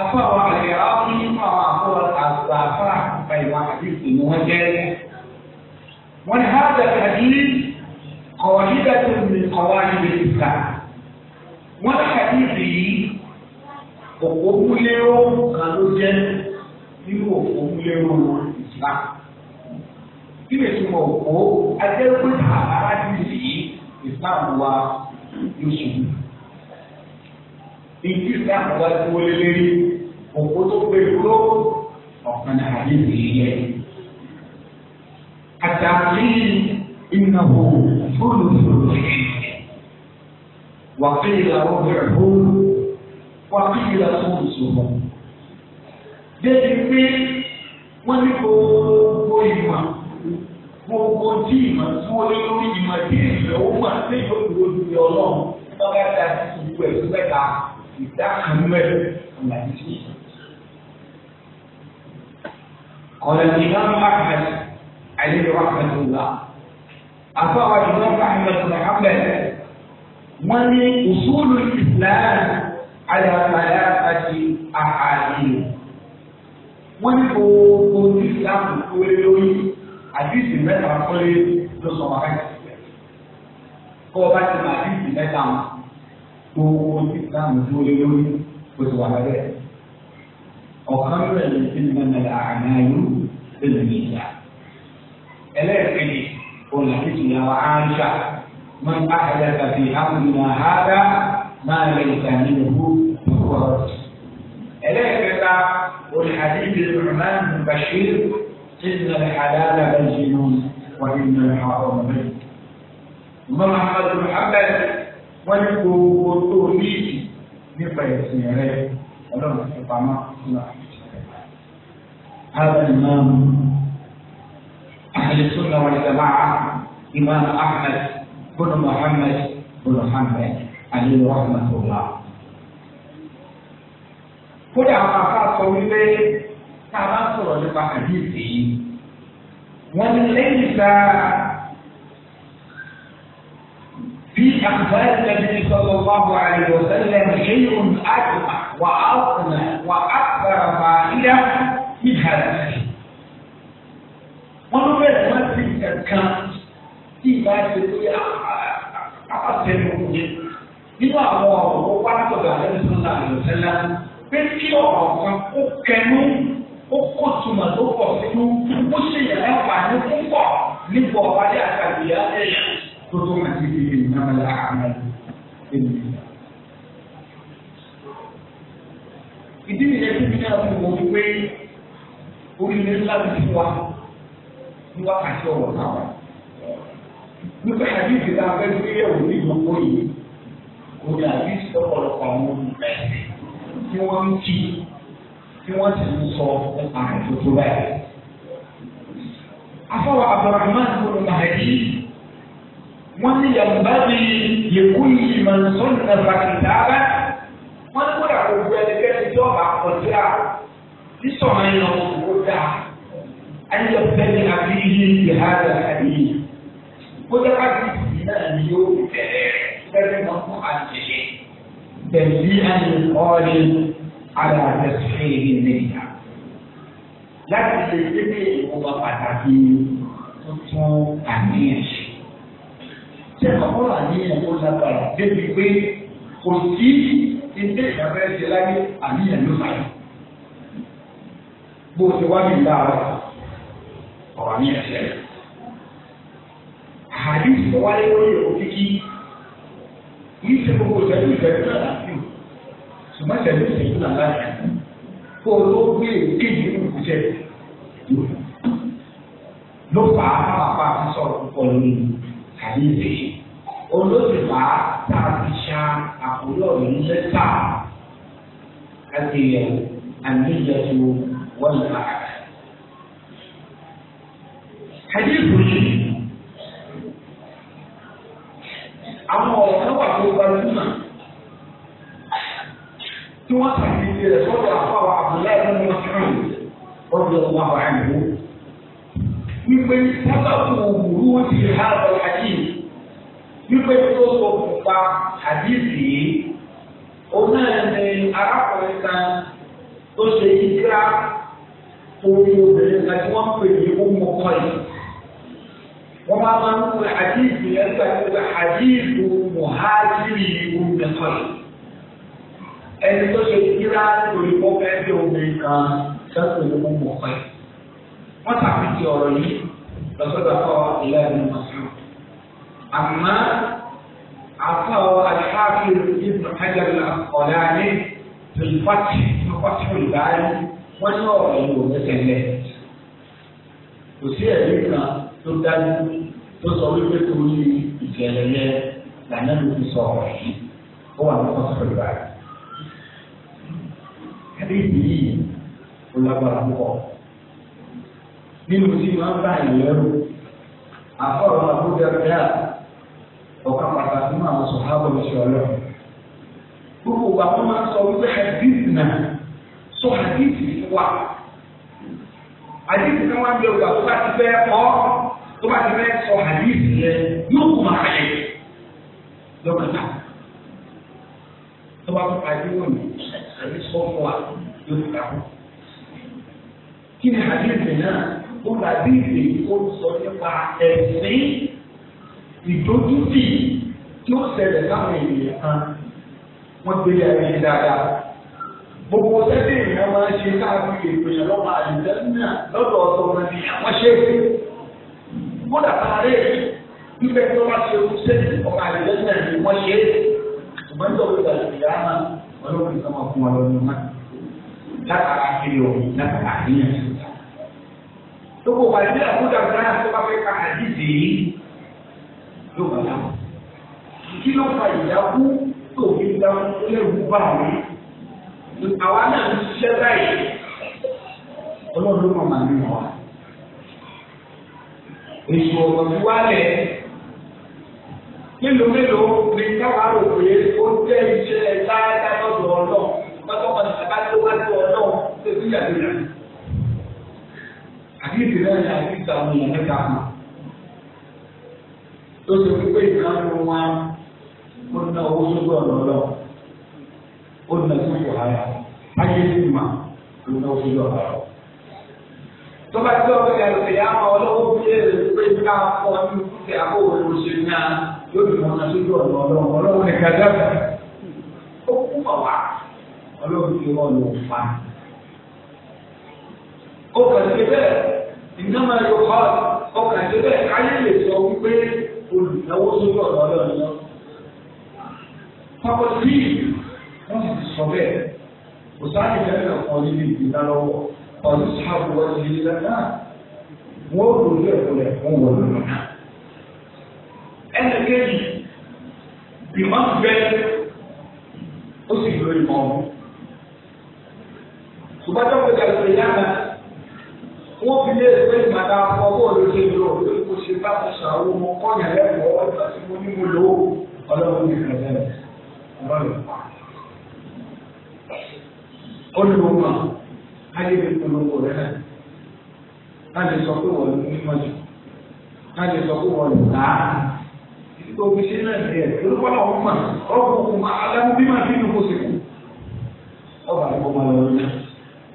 S1: afọ àwọn ìrọ̀ ọ̀kì nípa àwọn àfọ àgbà afọ àgbà ìwà àti ìsinmi wọn jẹ́ wọn ni hàdà kàdí kọ̀ọ̀dídà tó ní kọ̀wá níbi ìta wọn kàdí bìí òkòmúlérò kan ló jẹ́ nínú òkòmúlérò ìsìlá kí lè túmọ̀ òkò ajẹ́ pé àbára ti sì Islam wa yóò ṣubú. Ìdí ìdáhùn wá sí wọlé lérí òkú tó gbé dúró ọ̀kan náà ní ìyẹ́. Àtàkì ìnáwó fúlùfúlù wàkìlà ọ̀bẹ̀rù wàkìlà sọ̀nsọ̀rọ̀. Débi pé wọ́n ní gbogbo ìmọ̀ gbogbo tí ìmọ̀ tí wọ́n lé lórí ìmọ̀ tí ìfẹ́ ó wà sí ìyókùrò ìfẹ́ ọlọ́run lọ́gá ta ìgbẹ́ ìgbẹ́ta ìdá kan mẹ́rin ọ̀nà ìṣe. Kọ̀lẹ̀ ní Imam Ahmed Aliyu Rahmatullah. Àfọwọ́ Imam Ahmed Muhammad wọ́n ní usulu Islam alábàlá àti àhàlì. Wọ́n ní gbogbo Islam tó lé lórí. حديث المتر كل الصباحات هو بس ما حديث المتر وقلت لهم زوري يوري وزوالات وخمر الاسم من الاعمال بالميزة الا يفعلي قلنا حسنا وعانشا من احدث في امرنا هذا ما ليس منه فهو رجل الا يفعلي والحديث لعمان بن بشير إن الحلال بين وإن الحرام بين محمد محمد wọ́n kó o tó níìdì nípa ẹ̀sìn هذا الإمام أهل السنة والجماعة إمام أحمد بن محمد بن محمد عليه رحمة الله. kódà àwọn afáàsọ wípé tá a bá sọ̀rọ̀ nípa àdéhùn yìí wọ́n ní lẹ́yìn ìgbà
S3: bí àkùbáyé lẹ́yìn
S1: ìsọ̀rọ̀ ọ̀gbọ̀n àìyọ̀ sẹ́lẹ̀ ṣẹ́yìn àjùmá wà á kùnà wà á kàrà mà ilé ìhà rẹ̀. wọ́n bẹ̀rẹ̀ wọ́n ti kankan tí ìbá ṣe pé àpàtẹ́nu kùnú nínú àwọn ọ̀rọ̀ wọ́n wá sọ̀rọ̀ àdéhùn sọ̀rọ̀ àìyọ̀ sẹ́lẹ̀ pé kí ọ̀rọ̀ kan ó kẹnu ó kó tuma tó pọ̀ sínú ó ṣe yàrá fàánú púpọ̀ nípa ọ̀pádé àkàbíyá ẹ̀yà tó tó máa ti di ìnáwó àmọ́ ènìyàn. ìdí nìyẹn tí mi náà fi wò ó pé oríire ńlá mi fún wa ní wákàtí ọ̀rọ̀ náà wà. nípa àdìsí tá a fẹ́ gbé yẹ̀wò ní gbogbo yìí kò ní àdìsí ọ̀pọ̀lọpọ̀ àwọn olùfẹ́ tí wọ́n ń kí i tí wọ́n sì ń sọ nípa rẹ̀ tó tó bẹ́ẹ̀. afọwọ́ abdulrahman kúrò mahadi wọ́n ní yàgbá bí yẹ̀kú yìí máa ń sọ nípa bàtìdáàbá wọ́n ní kódà kò gbé ẹnikẹ́ni tí ọba àkọsíra sísọ náà yẹn lọ́wọ́ kó dà ayé ọ̀fẹ́ ní abiyí ìhàdà àbíyí kódà kábíyì náà ni yóò bẹ̀rẹ̀ bẹ́ẹ̀ ni wọ́n kọ́ àjẹyẹ tẹ̀lé àyè ọ̀rẹ́ ara ẹsẹ̀ yìí nìyà láti ṣe dédé ìwọ̀nba pàtàkì tuntun àníyàn ṣe. ṣé àwọn àníyàn tó lágbára débi pé kò sí ilé ìyàwó ẹsẹ̀ láyé àníyàn ló báyìí. bó ti wá ní ìlàrá ọ̀rọ̀ àníyàn ṣẹlẹ̀. àdìsí wáyé wọ́n yẹ òkìkí yìí ṣe gbogbo ìṣẹ́jú ìṣẹ́jú náà ṣùgbọ́n tẹ̀lé ìṣèlú làlá yẹn kó o tó gbé kéjì ní ìkújẹ ló fà á pàpà sọ̀rọ̀ púpọ̀ lórí àyèké olóṣèlú àtàkì ṣá àkúrò yìí lẹ́tà láti yẹ àníyàtò wọ́n lọ́la kàkà. Àyèké yìí àwọn ọ̀rọ̀ náà wà tó gbajúmọ̀ tí wọ́n kà ní ilé rẹ̀ sọ́dọ̀ àfọwọ́ Abdullahi bin Mas'ud ọ̀dọ̀ ọ̀gbọ̀n àwọn àyìnbó. wípé sábàbù òwúrú ti ha lọ àjí wípé tó tó pupa àdìsí yìí òun náà ní arákùnrin kan tó ṣe ìgbà orí obìnrin kan tí wọ́n pè ní ọmọ kọ́lì. wọ́n máa ń pè àdìsí yẹn gbàgbé àdìsí mọ̀hájírì ọmọ kọ́lì ẹni tó ṣe kíra lórí pọ́pẹ́ bí obìnrin kan sẹ́kùn ló mú ọ̀pẹ́. wọ́n tàbí ti ọ̀rọ̀ yìí lọ́sọ̀dọ̀ afọ ilé ẹ̀mí mọ̀sán. àmọ́ afọ àṣàfi ibùdó hajar al-Asqalani tòlùfàtì tòlùfàtì olùdarí wọ́n ní ọ̀rọ̀ yìí ò mẹ́tẹ̀lẹ̀. kò sí ẹ̀rí kan tó dájú tó sọ wípé torí ìjẹ̀lẹ̀ yẹn làná ló fi sọ ọ̀rọ̀ yìí ó wà ní sọ́sọ́ olùdarí kírìtì yìí ó lágbára púpọ̀ nínú tí máa ń bá ìlẹ́rù àfọ̀rọ̀ àbújá bíà ọ̀kan pàtàkì máa ń sọ hábọ̀ lọ́sọ̀ ọlọ́run gbogbo wa wọ́n máa ń sọ wípé hadith náà sọ hadith wa hadith náà wọ́n á bẹ wà tó bá ti fẹ́ kọ́ tó bá ti fẹ́ sọ hadith yẹn yóò kó máa fẹ́ lọ́kàtà tó bá tó pa ẹbí wọ̀nyí àtẹ̀lé sọ fún wa yóò fi kàkú. kí ni àdéhùn náà ó bá bíbélì ó sọ nípa ẹ̀sìn ìdójútì tí ó ṣẹlẹ̀ láwọn ènìyàn kan wọ́n gbélé ayé dáadáa gbogbo sẹ́dẹ̀ èèyàn máa ń ṣe káàkiri ìpèsè lọ́mọ àdìsẹ́ náà lọ́dọ̀ ọ̀sọ̀ wọn ni àwọn ṣe é kódà káàárẹ̀ níbẹ̀ tí wọ́n bá ṣe oṣù sẹ́dẹ̀ ọ̀kadì lẹ́sẹ̀ ni wọ́n ṣe é ṣùgbọ́n nítorí ìgbàlódé yàrá náà wọn ló fi sọmọ fún wọn lọ́dún náà látara kiri o látara àríyàn síta. Gbogbo wà ní àbújá náà tó bá fẹ́ ka àdìsí yìí ló bá dáhùn. Kí ló fa ìdákú tó fi dáhùn lẹ́rù bá Àwa náà ń ṣiṣẹ́ báyìí. Ọlọ́run ló mọ̀ màmí wa. Èso ọ̀gbọ̀n ti wálẹ̀ mélòó mélòó ni káwá rò pé ó jẹ́ iṣẹ́ dáadáa lọ́dọ̀ ọlọ́run lọ́dọ̀ pàtàkì lọ́dọ̀ ọlọ́run ṣe fi yàgbé yàgbé. àdìsí náà ni àdìsí àwọn ọmọ mẹ́ta kan tó ti fi pé ìdánwò wa ó ná owó sójú ọ̀nà ọlọ́run ó ná sójú ara ayé ti mà ló ná owó sójú ọ̀nà ọlọ́run. tó bá tí wọ́n fi ọlọ́wọ́ bí èrè pé ká fọ́ ní kúkẹ́ àbó ló ṣe náà yóò fi wọn aṣojú ọ̀nà ọlọ́run ọlọ́run ní kàdáfà ó kú bọ̀ wá ọlọ́run fi wọn lò fa. ó kàn ṣe bẹ́ẹ̀ ìnáma yóò kọ́ ọ kàn ṣe bẹ́ẹ̀ káyé lè sọ wípé olùdáwó sójú ọ̀nà ọlọ́run lọ. pápá sí wọ́n sì ti sọ bẹ́ẹ̀ kò sáré ìjẹ́rìí ọ̀kan níbi ìgbìlá lọ́wọ́ ọ̀dùn sáà wọ́n ti yé lẹ́nà wọ́n ò lórí ẹ̀kọ́ ẹlẹ́kẹ́jì bìmọ́ bẹ́ẹ̀ ó sì lo ìmọ̀ ọ̀hún. ṣùgbọ́n tó kọjá lórí yára wọ́n fi lé ẹgbẹ́ ìmọ̀ta ọwọ́ lórí ìlú òwe kò ṣe bá ti ṣàwọn ọmọ kọ́nyà lẹ́kọ̀ọ́ ọjọ́ tí mo ní mo lò ó ọlọ́run ní ìrẹ̀lẹ̀ ọlọ́run. olùmọ̀ ayé mi polówó rẹ̀ náà láti sọ pé wọ́n ní mọ́jú láti sọ pé wọ́n lò láàárín tóbi ṣe náà ní ẹ̀ lórúkọ náà wọ́n mà ọkùnkùn alámú bí màá fi dùn kó sì kù. ọba àti ọmọ lọ lọ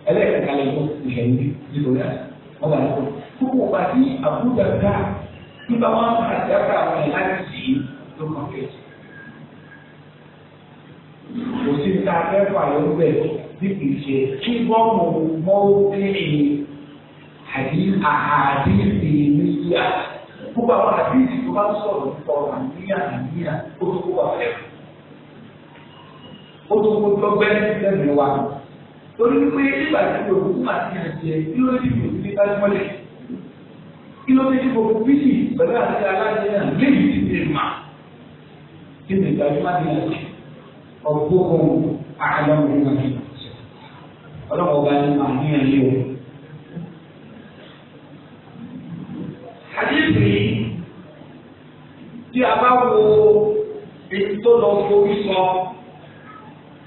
S1: ẹlẹ́ẹ̀kẹ́ kalẹ̀ tó ìṣẹ̀lẹ̀ bí nítorí àti ọba àti ọmọ. kókò pàtí àbújá ká nígbà wọn bá àti àká àwọn ẹ̀ láti sí i ló kàn fẹ́. kò sí ta akẹ́kọ̀ọ́ àyọ̀gbẹ́ bí kì í ṣe kí bọ́ọ̀mù mọ́ọ́dé àdí àhàdí ìrìnnìyà gbogbo àwọn àdéhìí tó bá sọ̀rọ̀ ọ̀rọ̀ àníyàn àníyàn ó tó kó wà fẹ́ràn ó tó kó dọ́gbẹ́ lẹ́nu wa torí pé nígbà tí o kú mà ti àjẹ kí ló dé ìlú ní kájúmọ́lẹ̀ kí ló dé ìbò bíyì pẹ̀lú àti aláṣẹ náà léyìí ti lè mà kí ni ìdájúmọ́ ni àjẹ ọ̀gbọ́n ohun àkàlọ́wọ́ ní àjẹ ọlọ́wọ́ bá ní àníyàn tí a bá wo èyí tó lọ forí sọ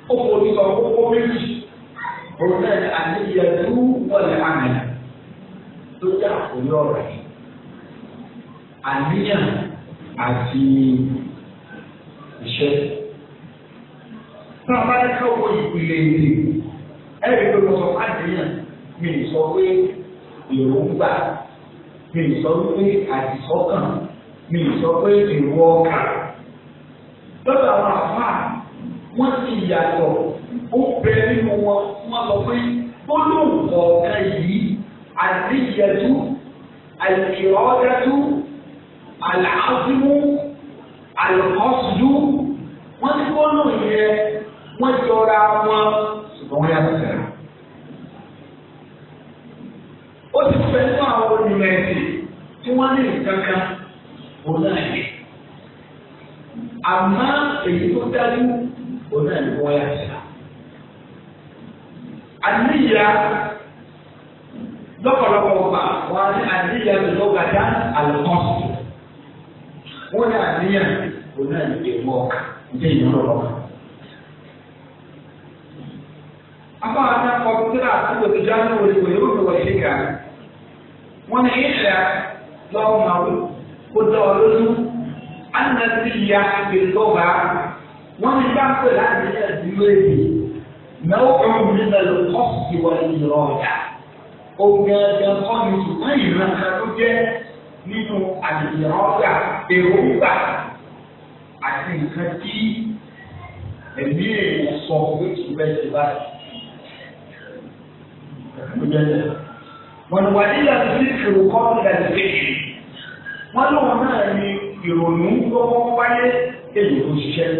S1: ó forí sọ kókó méjì òun náà ni àníyànjú wọlé àmàlà tó jẹ àkórí ọ̀rọ̀ yìí àníyàn àti iṣẹ́ tí a bá ní ká wo ìpìlẹ̀ èdè ẹ̀rí ló lọ sọ àníyàn mi sọ pé èròǹgbà mi sọ pé àdìsọ́kàn mi sọ pé èèwọ̀ ọkà lọ́dọ̀ àwọn àfa wọ́n ti yàtọ̀ ó bẹ nínú wọn wọ́n lọ pé gbólóhùn ọ̀kan yìí àdéhìyẹtú àìkèrọ́dẹ́tú àlàásímú àlùkọ́sùdú wọ́n ti gbólóhùn yẹn wọ́n jọra wọn ṣùgbọ́n
S2: wọ́n yàtọ̀ sẹ́ra.
S1: ó ti fẹ́ fún àwọn onímọ̀ ẹ̀sìn tí wọ́n ní nǹkan kan. òun náà yẹ àmọ́ èyí tó ya òun náà ni wọ́n yà síra àníyà lọ́pọ̀lọpọ̀ ọgbà wọn ní àníyà lọ́gàdá àlùkọ́sù wọn ní àníyà òun náà ni èèwọ̀ ǹjẹ́ ìyọ́nà lọ́wọ́. أما أن kó dọ̀ ọ́ lójú anasi ya ìgbésọ̀ bá wọ́n ti bá pè láti ní ẹ̀dúró èyí náà ó kàn mí lọ ọ́sì wọ ìlọ ọ̀dà ogun ẹ̀jẹ̀ kọ́ mi ṣùgbọ́n ìran kan ló nínú àdìyàn ọ̀gà èròǹgbà àti nǹkan tí ẹ̀mí èèyàn sọ pé kí bẹ́ẹ̀ ti báyìí. wọ́n wà nílẹ̀ sí ìṣòro kọ́ nílẹ̀ sí ìṣòro wọ́n lóun náà ní ìrònú lọ́wọ́ wáyé èyí tó ṣiṣẹ́.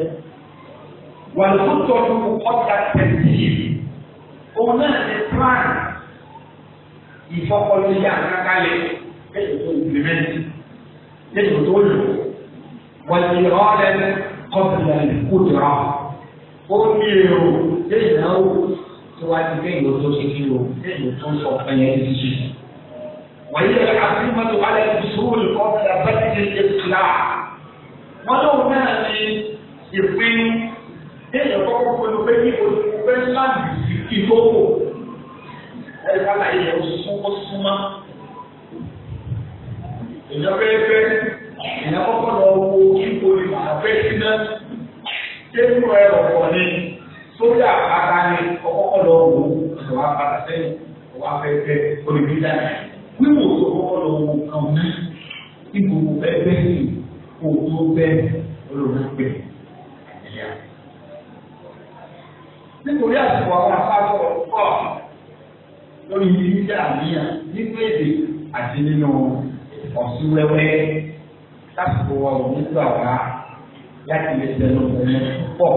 S1: wàlúù tọ́jú ọjà tẹ̀sí òun náà ní plan ìfọkànlóye àkàkálẹ̀ èyí tó implement èyí tó lò wàlúù ìrọ̀lẹ́ kọ́pìlà ìkúdìrọ̀ ó ní èrò èyí náà ó tó wá ti kéyìn tó ṣe kí o èyí tó sọ ẹ̀yẹ ti ṣe. وهي العزيمة على الوصول قبل بدء الإقلاع wọ́n lóun náà ní ìpinnu téèyàn kọ́kọ́ pinnu pé ní olùkọ́ ńlá ìfowó ẹ̀ka láyé òsùn ó súnmọ́ ìjọba ẹgbẹ́ ìyẹn kọ́kọ́ lọ wo kíkó ìfàfẹ́ síná téèmù ẹ ọ̀pọ̀ ni sórí àpáta ni ọkọ́kọ́ lọ wo ìwà àpáta sẹ́yìn ìwà afẹ́fẹ́ olùgbé dání wíwò tó kọ́kọ́ lọ wọ kàn mí tí gbogbo bẹ́ẹ̀ bẹ́ẹ̀ sì kò tó bẹ́ẹ̀ olùrànà pẹ̀ ẹ̀yà. nítorí àsìkò àwọn afárá ọ̀pọ̀ lórí yíyá àníyàn nínú èdè àti nínú ọ̀sùn wẹ́wẹ́ lásìkò wa ò ní gbà wá láti lè tẹnu ọ̀rẹ́ pọ̀.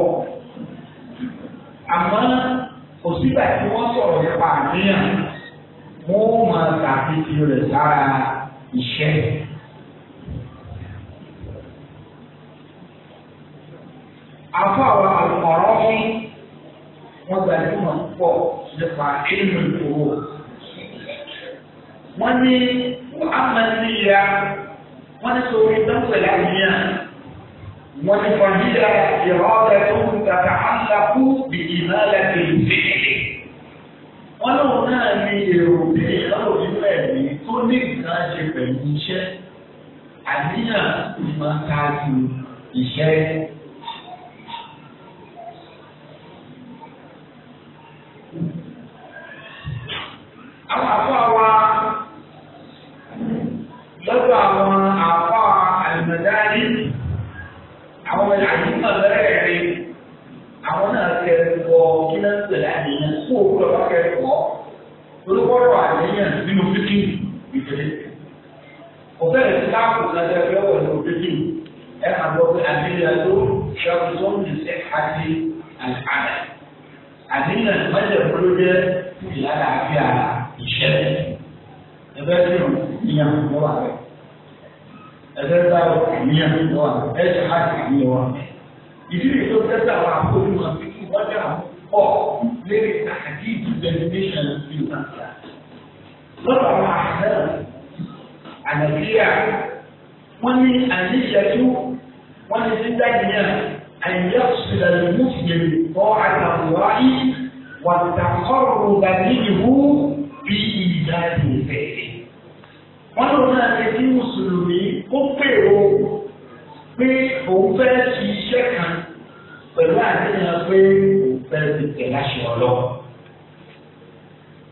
S1: àmọ́ òsínbà tí wọ́n sọ̀rọ̀ nípa àníyàn wọ́n máa tàbí ti rẹ̀ sára iṣẹ́. Afọ àwọn àlùmọ̀rọ́ fún wọn gba ìgbìmọ̀ púpọ̀ nípa ìlú ìfowó. Wọ́n ní amẹ́nìyà wọ́n ní sori dánwẹ̀lá yìnyà wọ́n ní fọ̀nyíyà ìrọ̀lẹ́ tó ń tàkà á ń lakú bí ìmọ̀lẹ́ wọ́n lóun náà ní èrò bí ìyàwó nínú ẹ̀mí tó ní nǹkan ṣe pẹ̀lú iṣẹ́ àníyàn ìmọ̀ káàkiri iṣẹ́ náà mọ́jẹ̀mú ló jẹ́ ìlànàfíà ìṣẹ̀lẹ̀ ẹgbẹ́ tí o níyàn ló wà rẹ̀ ẹgbẹ́ tí o níyàn ló wà rẹ̀ ẹ̀ṣẹ̀ láti ní wà rẹ̀ ìdílé tó tẹ́tà wà fún mi àti kí wọ́n dà pọ̀ lérí àti determination ní ìlànà lọ́dọ̀ àwọn àṣẹ àlàfíà wọ́n ní àníṣẹ́jú wọ́n ní dídá ìyẹn àyẹ̀sùn ìlànà ìmúṣìyẹ̀ kọ́ àtàwọn wáyé. wàtàkọ́rù gàdíìhù bí ìdájọ́ ìfẹ́. wọ́n lò náà lè kí mùsùlùmí ó pè ó pé òun fẹ́ fi iṣẹ́ kan pẹ̀lú àdéhùn pé òun fẹ́ fi tẹ̀lé àṣẹ ọlọ́wọ́.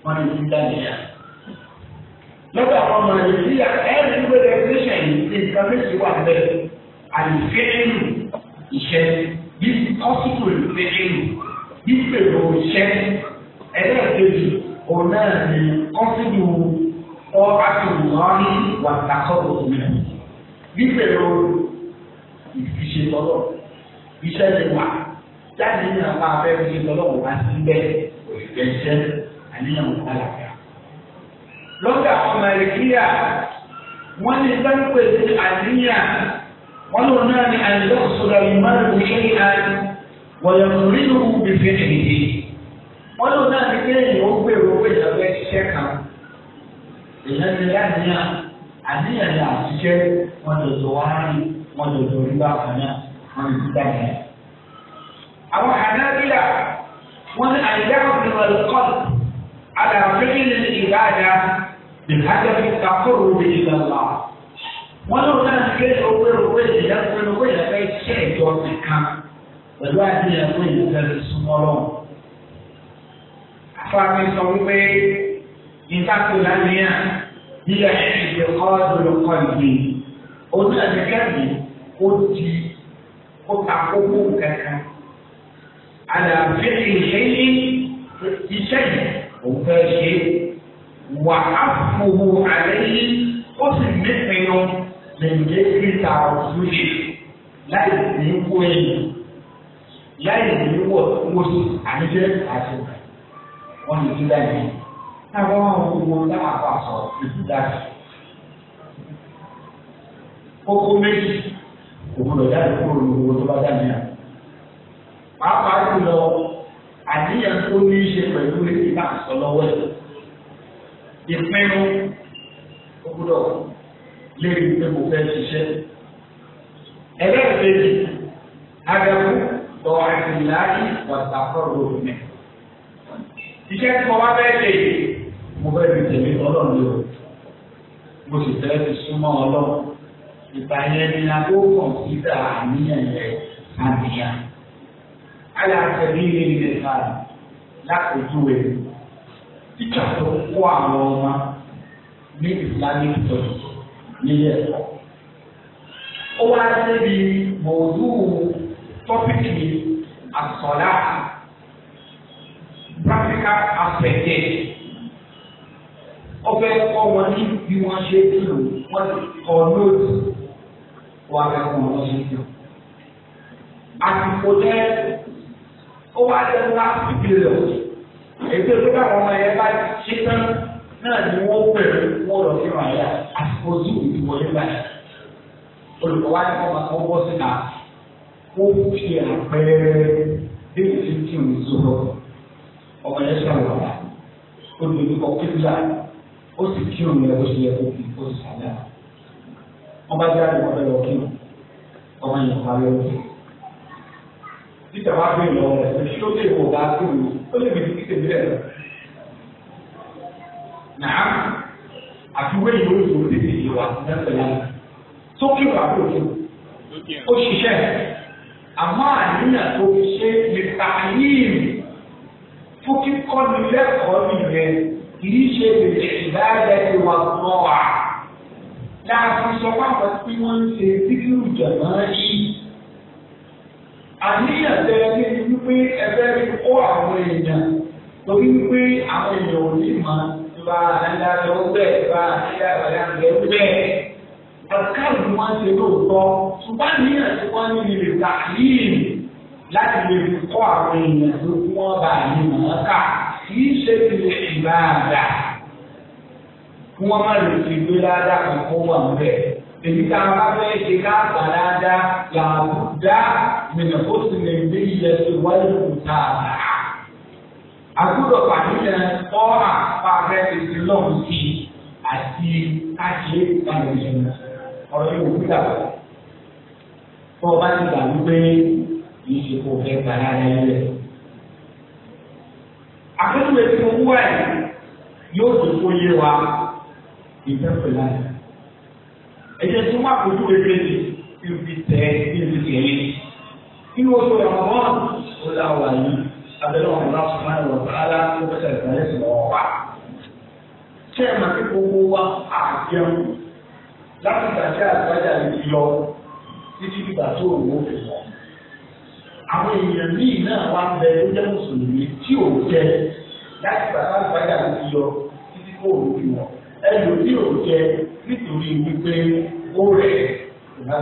S1: wọ́n lè fi dáníyà. lọ́dọ̀ ọmọ rẹ̀ sí ẹ̀rí ìwé rẹ̀gúlẹ́ṣẹ̀ yìí ní nǹkan méjì wà bẹ́ẹ̀ àlùfẹ́ ẹ̀rù ìṣẹ́ bí kọ́sùkù rẹ̀ fẹ́ ẹ̀rù gbígbèrò iṣẹ́ ẹlẹ́ẹ̀kejì òun náà ni kọ́ńtínú ọ́rátùmọ́rí wàtàkọ́rọ̀ òun gbígbèrò ìfiṣe tọ́lọ̀ iṣẹ́ lè wà jáde ní àwọn abẹ́rẹ́ ṣe tọ́lọ̀ wò wá síbẹ̀ òṣìṣẹ́ iṣẹ́ àníyàn wò wá làbẹ́. lọ́gà ọmọ ẹ̀ríkíyà wọ́n ní sáńpẹ̀ sí àníyàn wọ́n lòun náà ni àìlọ́sọ̀rọ̀ ìmọ̀ràn òṣèré àti wọ̀yọ̀ nínú bìbí nìyí. wọ́n lò náà ní kí èèyàn ó gbèrò owó ìyàgbẹ́ iṣẹ́ kan. èèyàn ti láàníyàn àníyàn ní àṣìṣe wọn dòdò wá rí wọn dòdò rí bá kan náà wọn lè dá yẹn. àwọn àdábíyà wọn ní àyíká ọ̀gbìn ọ̀lùkọ́ àdàbíyì ní ìbáàdá bìbáàdá kakóró bí ìgbàlá. wọ́n lò náà ní kí èèyàn ó gbèrò owó ìyàgbẹ́ iṣẹ́ ìjọ pẹ̀lú àdéhùn pé ìfẹ́lẹ́ súnmọ́ lọ́wọ́. Afáàmì sọ wípé ìtàkùn lánìyàn bí ẹ̀yìn ìgbẹ́ kọ́ọ̀dùnlọ́kọ̀ ìgbé. Ojú ẹ̀kẹ́kẹ́ mi ó di ó ta kókó kankan. Àlàáfíà ìṣe ní iṣẹ́ yìí òun fẹ́ ṣe wà á fòwò àlẹ́ yìí ó sì ní pinnu lè dé kíta òṣù yìí láì sí kó èyí. láì ní wọ̀ wọ́n sì àníjẹ́ àti wọ́n lè ti láì ní. Táwọn àwọn gbogbo láàbà sọ ìlú dájú. Kókó méjì kò gbọdọ̀ jáde kúrò ní owó tó bá dání à. Pàápàá jùlọ àníyàn tó ní í ṣe pẹ̀lú ìgbà ẹ̀. Ìpinnu pé tọ́wọ́ ìlànà wàtàkọ́rọ̀ mi. Iṣẹ́ tí mo bá fẹ́ ṣe yìí, mo fẹ́ fi tẹ̀lé ọlọ́run lò. Mo sì fẹ́ fi súnmọ́ ọlọ́run. Ìbàyẹn ni a tó kọ̀ǹpútà àníyàn rẹ̀ àníyàn. Ayé àtẹ̀lé ilé ilé ìfàlù lápèjúwe. Tíjà tó kó àwọn ọmọ ní Islamic studies nílé ẹ̀kọ́. Ó tọ́pìkì àsọ̀lá practical aspect ẹ̀ ọbẹ̀ kọ́ wọn ní bí wọ́n ṣe kìlò wọ́n ti kọ́ lóòtù wọ́n abẹ́ kọ́ wọn ṣe kìlò. àsìkò jẹ́ ó wá lẹ́nu láti bìlẹ̀ èdè tó bá wọn ẹ̀ bá ṣe tán náà ni wọ́n bẹ̀rẹ̀ wọ́n lọ sí wọn àyà àsìkò zuu ìdìbò yẹn báyìí olùkọ́ wa ní kọ́ máa kọ́ bọ́ sí náà ó fi àpẹẹrẹ déètì tí ò ní sọ̀rọ̀ ọmọ yẹn ṣàlùwà ó dojú kọ kíkà ó sì kí òun yẹ kó ṣe yẹ kó fi kó sàlá wọn bá jáde wọn bẹ lọ kí wọn ọmọ yẹn parí ó fi títà wá gbé lọ rẹ ṣé ó lè wò bá kí òun ó lè bìí títà ìbílẹ̀ rẹ nàá àfiwé yìí ó lè wò ó lè bìí wa lẹ́sẹ̀ lánàá tó kí wàá kó o ṣiṣẹ́ àmọ́ àníyàn tó fi ṣe nípa yìí fún kíkọ́ ní lẹ́kọ̀ọ́ nìyẹn kìí ṣe bèrè ìdáyẹ ti wà lọ wà. Láàfin sọ pápá tí wọ́n ń ṣe síkírù jọ̀mọ́ yìí. Àníyàn bẹ̀rẹ̀ ní wípé ẹgbẹ́ ti kó àwọn èèyàn torí wípé àwọn èèyàn ò ní mọ̀ nípa àdáńdá lọ́wọ́ bẹ́ẹ̀ bá àdáńdá lọ́wọ́ bẹ́ẹ̀ ọ̀káàdì wọn ṣe lóòótọ́ ṣùgbọ́n níyàn tí wọ́n ní lè gbà yìí láti lè fi kọ́ àwọn èèyàn tó kí wọ́n bá yìí mọ̀ ká kì í ṣe ti lè ìgbà àgbà kí wọ́n má lè fi gbé ládàá kan kó wà ń bẹ̀. èyí tá a bá fẹ́ ṣe ká gbà ládàá làbù dá mìnàkó sì lè gbé iye tó wáyé kù tá àgùdọ̀ pàdéyàn tọ́ àpá rẹ̀ àti káṣíé ìpàdé ìṣẹ̀lẹ̀ ọ̀rọ̀ yóò wú dà tó o bá ti gbà wípé kì í ṣe kó o fẹ́ gbà lára yín rẹ̀. àpèjúwe tí mo wú ẹ̀ yóò tó kó yé wa ìfẹ́fẹ́ láyé. ẹ̀jẹ̀ tí wọ́n àpèjúwe kejì kí o fi tẹ̀ kí o fi tẹ̀lé o tó ẹ̀rọ mọ́ o là wà yìí abẹ́rẹ́ wọn bá fún wa lọ bá a lá kó o bẹ̀rẹ̀ ìgbàlẹ̀ sọ̀rọ̀ wa. ṣé ẹ̀ máa kí gbogbo wa àjẹun láti ìgbà tí àgbájá lè fi lọ títí ìgbà tó òun àwọn èèyàn míì náà wá bẹ tó mùsùlùmí tí láti àgbájá lè fi lọ títí kó fi ẹlò tí ò jẹ nítorí wípé ó rẹ̀ kò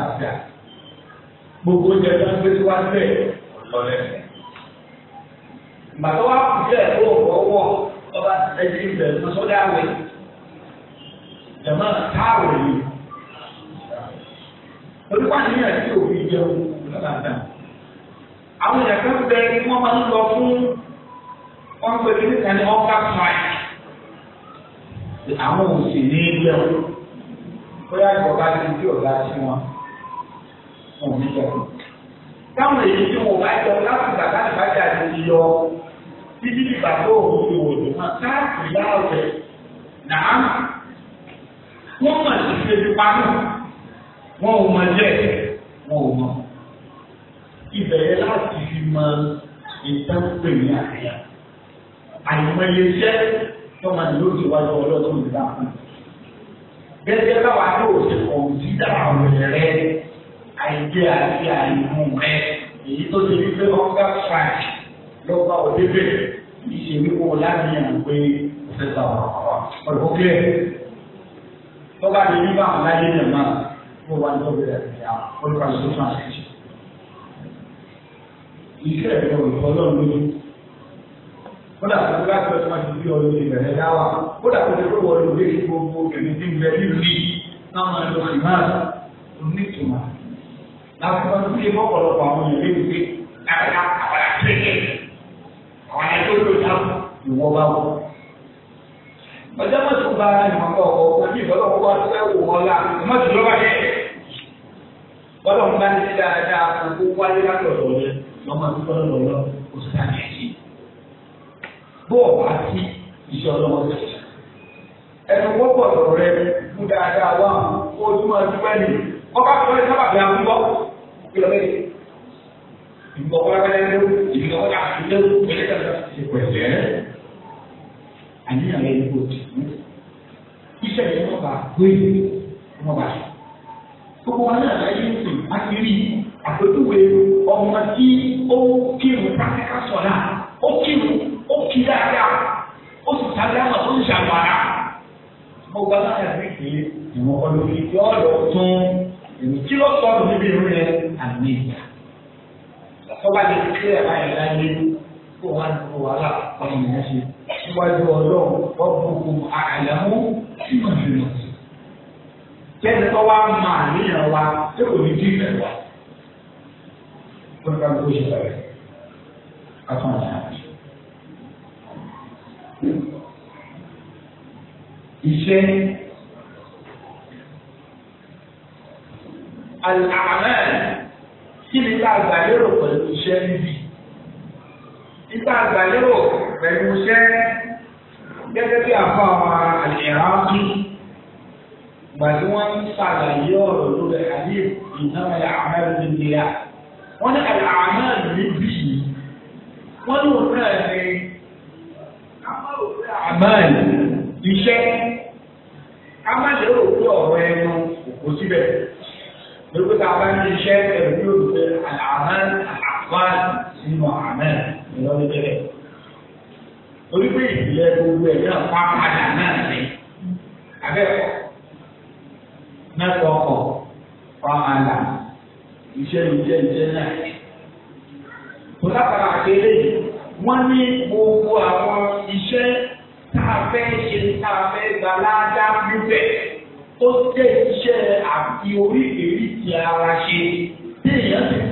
S1: gbogbo ọba ẹ̀jẹ̀ ìbẹ̀rù sọ́dọ̀ àwẹ̀ olùkọ́ àníyàn tí òbí jẹun lọ́dàdà àwọn èèyàn bẹ kí wọ́n máa ń lọ fún wọ́n pè kí nìkan ní ọ́kà fáì àwọn òsì ní ilé o bóyá ìjọba ti di ọ̀la sí wọn wọn ò ní táwọn èyí tí wọn bá jọ láti bàbá ìbájà ti yọ títí ìgbà tó òun ti wò lò wọn káàkiri láàrẹ nàá wọn mọ̀ sí ṣe ti náà wọn ò mọ jẹ́ wọn ò mọ. ìbẹ̀rẹ̀ láti fi mọ ìtẹ́wọ́pẹ̀ ní àyà àìmọye iṣẹ́ tó máa nílò ìwájú ọlọ́dún ìlà fún un. gẹ́gẹ́ báwa yóò ṣe kọ̀ọ̀kan sí dáhùn rẹ àìjẹ́ àti àìmú rẹ èyí tó ti rí pé ọ̀gá fàájì lọ́gbà òdébẹ̀ ìṣèlú wo láàrin pé ọ̀sẹ̀ sọ̀rọ̀ ọ̀rọ̀ òkè. tọ́ba ti rí báwọn láyé nìyẹn náà tó wà ní ọ̀gbìn ẹ̀sìn àwọn olùkọ́ àti ìṣúná àṣẹjì. Iṣẹ́ ẹ̀rọ ìfọlọ́run lójú. Kódà tó bá tó ẹ̀sìn máa ti bí ọdún ìbẹ̀rẹ̀ dáwà. Kódà tó ti rú wọlé òwe kí gbogbo obìnrin ti bẹ nílùú táwọn ẹ̀rọ ìmáàlá onítùmá. Láfíwájú sí ọ̀pọ̀lọpọ̀ àwọn ìlú ìgbé àgbà bọ́dọ̀ ń bá ní dáadáa fún kó wáyé látọ̀dọ̀ yẹn lọ́mọ tó tọ́ lọ́wọ́ kó sì dáa kẹ́sì. bọ́ọ̀ wá sí iṣẹ́ ọlọ́wọ́ sí. ẹnu wọ́pọ̀ lọ̀rọ̀ rẹ fún dáadáa wá kó o túmọ̀ dúpẹ́ wọ́n bá fọwọ́ sábà bí àwọn bọ́ kí lọ́wọ́ yìí. ìgbọ̀ pẹ́pẹ́lẹ́ ló ìgbọ̀ pẹ́pẹ́lẹ́ ló pẹ̀lẹ́ gbogbo wa náà láyé ń sìn akiri àpèjúwe ọmọ tí ó kírun pátákà sọ̀dá ó kírun ó kí dáadáa ó sì sáré àwọn tó ń ṣàgbára. mo gba láti àgbègbè ìwọ̀n ọlọ́bí tí ó lọ tún èmi kí ló sọ̀rọ̀ níbi ìrú rẹ̀ àmì ìgbà. lọ́sọ́wá lè fi kílẹ̀ báyìí láyé kó wá nínú wàhálà ọmọ ìyá ṣe. síwájú ọlọ́run ọ̀gbọ̀n àlàmú sí màmí kẹ́ni tó wá máa níyàn wa tí kò ní dín mẹ́rin wọ́n ká ló ṣe bẹ̀rẹ̀ ká fún àyà. iṣẹ́ àlàmẹ́ kí ni ká gbàlérò pẹ̀lú iṣẹ́ níbi nígbà gbàlérò pẹ̀lú iṣẹ́ gẹ́gẹ́ bí àfa àwọn àlè ráńkì gbàtí wọ́n ń ṣàlàyé ọ̀rọ̀ lórí àyè ìnáwó àmàlù nìyà wọ́n ní àmàlù níbí yìí wọ́n ní òun náà ní àmàlù iṣẹ́ àmàlù yóò fi ọ̀rọ̀ ẹnu òkú síbẹ̀ lórí ká bá ní iṣẹ́ ẹ̀rọ yóò fi àmàlù àpá sínú àmàlù ìlọ́lẹ́ tẹ́lẹ̀ orí pé ìpìlẹ̀ gbogbo ẹ̀ náà pa padà náà ní abẹ́kọ̀ọ́ mẹ́kọ̀ọ́ kọ̀ fàmàlà iṣẹ́ ìjẹ́ ìjẹ́ náà. Tòlápàá àkèrè wọ́n ní gbogbo àwọn iṣẹ́ tá a fẹ́ ṣe tá a fẹ́ gbà ládá níbẹ̀ tó jẹ́ iṣẹ́ àti oríkèéríkèé ara ṣe tí èèyàn ti ń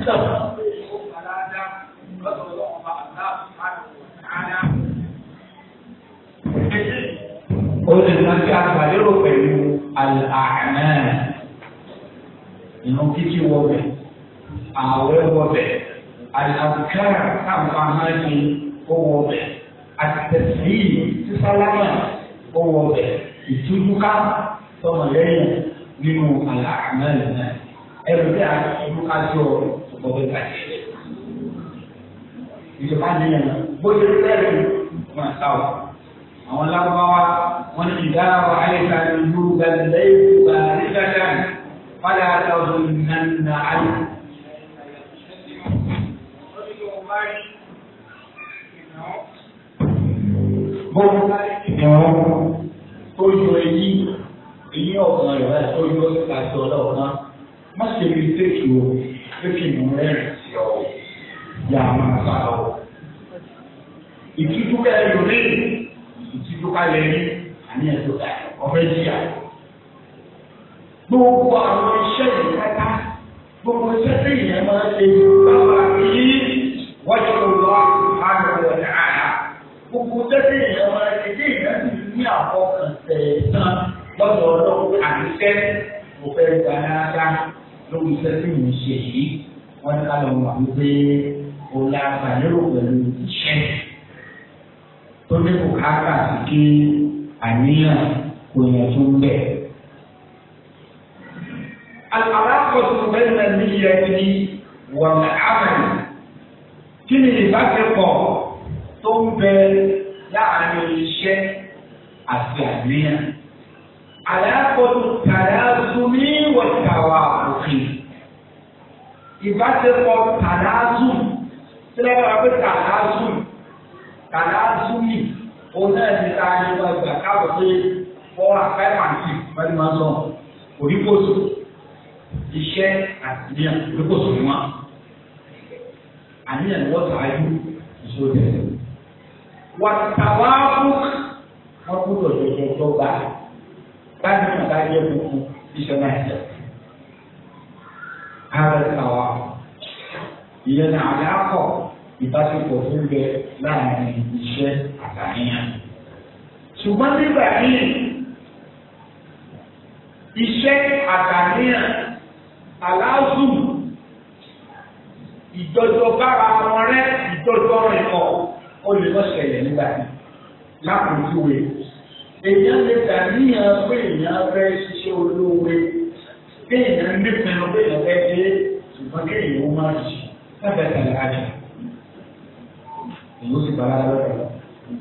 S1: Olè náà ti àgbàlérò pẹ̀lú àlàmẹ́ ìnú kíkí wọbẹ̀ ààwẹ̀ wọbẹ̀ àlàkà káàmù amáyé ó wọbẹ̀ àtẹ̀sí sísálámà ó wọbẹ̀ ìtúdúká tọmọlẹ́yìn nínú àlàmẹ́ náà ẹ̀rù bí àtúndúká jọ ọ̀bẹ bàjẹ́ ìjọba nìyẹn bó ṣe fẹ́ẹ́ rí wọn àwọn lábáwá wọn ní ìdá àìsà ìlú gbẹlẹ ìgbà nígbàdà padà àtàwọn ìnànà àyè. Mo ìdánwò tó yọ èyí èyí ọ̀kan rẹ̀ báyìí tó yọ àti ọlọ́ọ̀kan má ṣe fi tètè o pé kí n rẹ̀ sí ọ yà máa sá ọ. Ìtútù kẹrin lónìí ìtúkalẹ̀ ní àníyàn tó dà ọ̀fẹ́ jìyà. Gbogbo àwọn iṣẹ́ yìí pátá gbogbo iṣẹ́ tí ìyẹn máa ṣe bàbá yìí wọ́n ti lọ àgbẹ̀wò dáadáa. Gbogbo iṣẹ́ tí ìyẹn máa ṣe tí ìyẹn ní àkọkànṣẹ̀ tán lọ́dọ̀ ọlọ́run àníṣẹ́ mo gba dáadáa lórí iṣẹ́ tí mo ṣe yìí wọ́n ká lọ́wọ́ àmì pé o lágbàlérò tó ní bùkátà sí kí àníyàn kò yẹn tó ń bẹ̀. Àlàkọ̀tù bẹ́ẹ̀ náà ní ìyá ẹni wọ̀n àmàlì. Kí ni ìbáṣepọ̀ tó ń bẹ láàárín iṣẹ́ àti àníyàn? Àlàkọ̀tù tàdásùmí wọ̀n tàwa òkè. Ìbáṣepọ̀ tàdásùm. Sílẹ̀ bá wà pé tàdásùm kàlàásùmì òun náà ti ta ni wọn gbà káàbọ̀ pé four and five and six wọn ni wọn sọ oríkòsò iṣẹ́ àtìlẹ́yìn oríkòsò ni wọn àníyàn ni wọ́n ṣáájú ìṣòro tẹ̀lé wàtàwáàbù wọn gbúdọ̀ jọjọ ìbáṣepọ̀ tó ń bẹ láàrin iṣẹ́ àtàníyàn. ṣùgbọ́n nígbà míì iṣẹ́ àtàníyàn aláàzù ìjọjọ bára wọn rẹ ìjọjọ ìkọ ó lè lọ ṣẹlẹ̀ nígbà tí lápòjúwe èèyàn lè dàníyàn pé èèyàn fẹ́ ṣiṣẹ́ olóore kéèyàn nípinnu pé èèyàn fẹ́ ṣe ṣùgbọ́n kéèyàn ó má ṣe lábẹ́ tàbí àjọ èyí ó sì bá lára lọ́dọ̀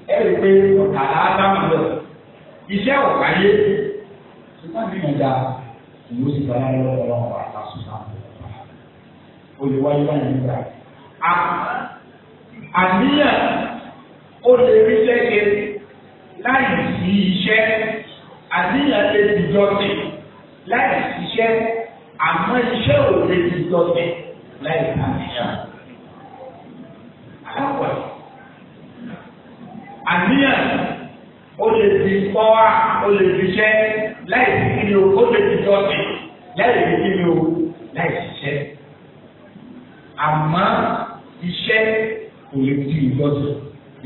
S1: ẹ rí i pé àlá dáhùn lọ iṣẹ́ ọ̀páyé ṣùgbọ́n bí mo dáa èyí ó sì bá lára lọ́dọ̀ ọlọ́run wà á sùn náà olùwáyé báyìí nígbà àníyàn ó lè rí sẹ́kẹ̀ láì sí iṣẹ́ àníyàn lè dìjọ́ sí láì ṣiṣẹ́ àmọ́ iṣẹ́ ò lè dìjọ́ sí láì sàníyàn. alákọ̀ọ́ àníyàn ó lè di kọ́wá ó lè di iṣẹ́ láì sí kí ni o ó lè di jọ́sìn láì sí kí ni o láì ṣiṣẹ́ àmọ́ iṣẹ́ kò lè di ìjọsìn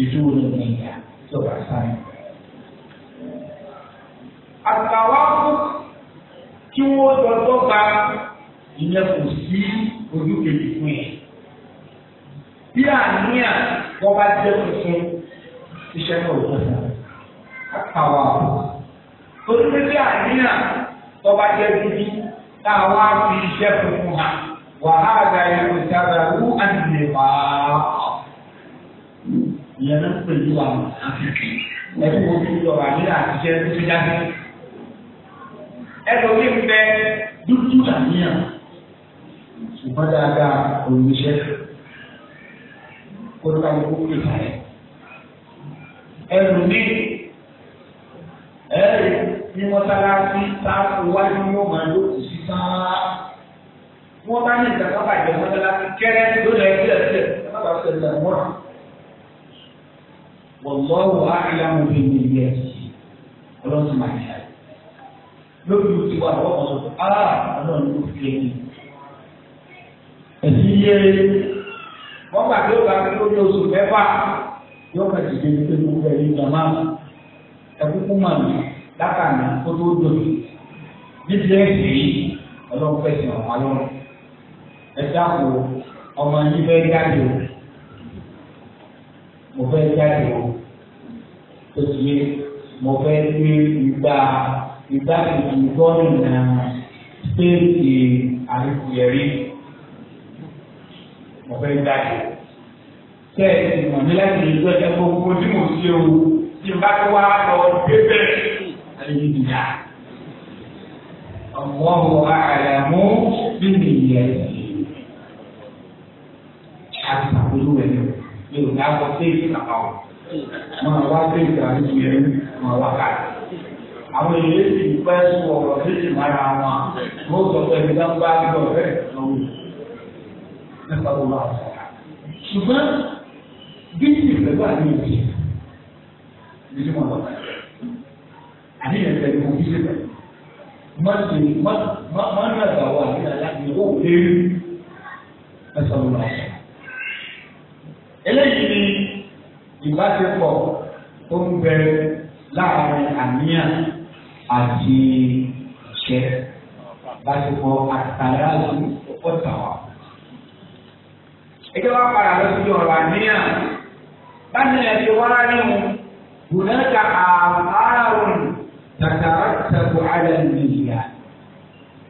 S1: ìdúró nínú ìyá tí ọba sáré. àtàwọn fún kí wọ́n lọ dọ́gba ìyẹn kò sí ojú kejì fún yẹn. bí àníyàn wọ́n bá jẹ́ tuntun iṣẹ́ náà kò fún àwọn àbò. onídébí àníyàn tọ́ba jẹ́ bíbí táwa fi iṣẹ́ funfun hàn wàhálà ìlú sábà wú àdìyẹ pàà. ìyẹn ló ń pè ní wàhálà ẹ̀kú ojú ìjọba àníyàn àti iṣẹ́ tó ti jáde. ẹlòmíì ń bẹ dúdú àníyàn ṣùgbọ́n dáadáa òun iṣẹ́ kó ló ká ló kó kúrò sáré. ẹlòmíì ẹ̀rí ní mọ́sálásí sáàpù wájú yóò máa lókù sí sáà. wọ́n bá ní ìtàn kábà jẹ mọ́sálásí kẹ́rẹ́ ló lọ ẹgbẹ́ ẹ̀sẹ̀ kábà sẹ̀lẹ̀ wọ́n. wọ́lọ́wọ́ àìyáwó lè ní ilé ẹ̀sìn ọlọ́sùn máa yà. lóbi ti wà lọ́wọ́ sọ á ọlọ́run ló fi lé ẹ̀sìn yé wọ́n gbàgbé gbàgbé ní oṣù mẹ́fà. yóò kà dìde ní pé gbogbo ẹ̀yin jàmá ẹ̀kúkú mà mí lákàná kó tó dùn níbi ẹ̀sìn yìí ọlọ́run fẹ̀sìn ọ̀hún alọ́run ẹ dáko ọmọ yín fẹ́ jáde o mo fẹ́ jáde o tó ti yé mo fẹ́ gbé ìgbà ìgbà tuntun gómìnà stéètì àríkùyẹ̀rí mo fẹ́ jáde o tẹ ẹ ti mọ̀ ní láti ìlú ẹ̀jẹ̀ gbogbo tí mo ṣe o tí bá tó wá lọ débẹ̀ àlejò ìyá. ọ̀wọ́ wọ àyàmú bí nìyẹn àtàkùrú ẹ̀ yóò dá bọ́ sí ìsàkà o máa wá sí ìsàkùrú yẹn máa wá ká àwọn èyí sì pẹ́ sùn ọ̀rọ̀ sí ìmára wọn mo sọ pé ẹni bá ń bá gbọ́ bẹ́ẹ̀ lọ́wọ́ ṣùgbọ́n bíbí pẹ̀lú àlejò nínú wọn lọ́kàn àní ẹ̀fẹ̀ ni mo fi síbẹ̀ má ṣe má má ń rẹ̀ wà ní aláàbí ó léèrè ẹ̀sán ló lọ. eléyìí ni ìbáṣepọ̀ tó ń bẹ láàrin àníyàn àti ìṣẹ́ ìbáṣepọ̀ àtàrà lórí ọ̀pọ̀ tàwa. ẹjọ́ wa padà lọ sí ọ̀rọ̀ àníyàn báyìí ẹni wá nínú bùnẹ́ka àmàrùn tàtàràtàbù àlẹ́nìyà.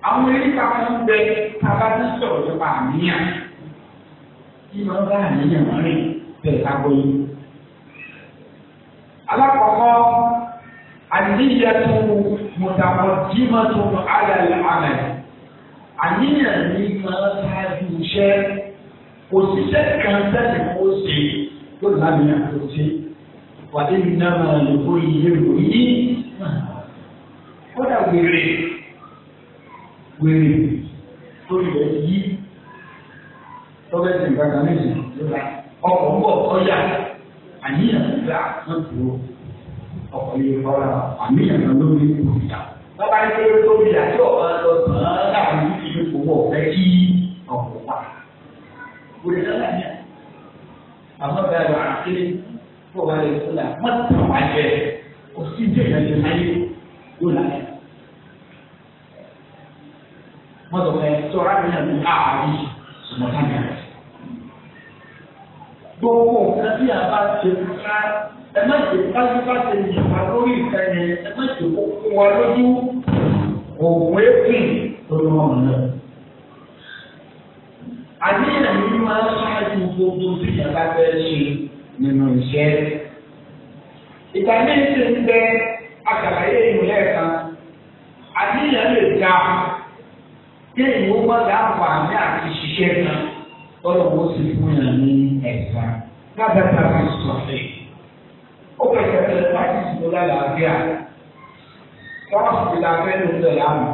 S1: àwọn eríkà fún bẹ tábà ti sọ̀rọ̀ nípa àníyàn tí wọ́n bá àníyàn rìn bẹ́ẹ̀ ká gbóyè. alákọ̀ọ́kọ́ àníyàn tó mọ̀tàmọ̀ jìmọ̀ tó mọ̀ àlẹ́ àlẹ́ àníyàn ní máa ń ṣáájú iṣẹ́ òṣìṣẹ́ kan sẹ́yìn kó ṣe é tó lámì náà tó ṣe wà á ní náà máa lè kó iye rò yí. kódà wèrè wèrè tó lè yí tọ́bẹ̀ tì gbàgbà méjì lọ́la ọkọ̀ ń bọ̀ ọ̀yà àníyàn gbà wọ́n dúró ọkọ̀ yìí kọ́ra àníyàn kan ló ní ìgbà. bàbá yìí kéré tó bí àti ọ̀pá lọ sàn án láàrin ìlú ìfowó ọ̀fẹ́ kí ọ̀pọ̀ wà. wèrè náà ní àmọ́ bẹ́ẹ̀ lọ àkéré fún wa lè fún la wọ́n tàn wá jẹ kò sí jẹ ìrẹsì láyé yóò láyé. wọ́n tọ́ ẹ tọ́ra mi àti àárí sọ̀mọ́tà mi rẹ̀. gbogbo nǹkan tí a bá ṣe ká ẹ má ṣe kájú ṣe yàrá lórí ìfẹ́ yẹn ẹ má ṣe kókó wa lójú òun èkùn tó lọ́wọ́ náà àníyàn yìí máa ń ṣáájú gbogbo tí ìyàbá fẹ́ ṣe nínú iṣẹ́. ìgbà míì ti ń bẹ àkàlàyé ìmúlẹ̀ kan àníyàn lè ga kí èèyàn má dáàbò àmì àti ṣiṣẹ́ kan lọ́dọ̀ wọ́n sì fún yàn ní ẹ̀ka lábẹ́ tàbí sọ̀fẹ́. ó pèsè pẹ̀lú láti sùn lálàáfíà wọ́n sì fi láfẹ́ lóṣèlú àmọ́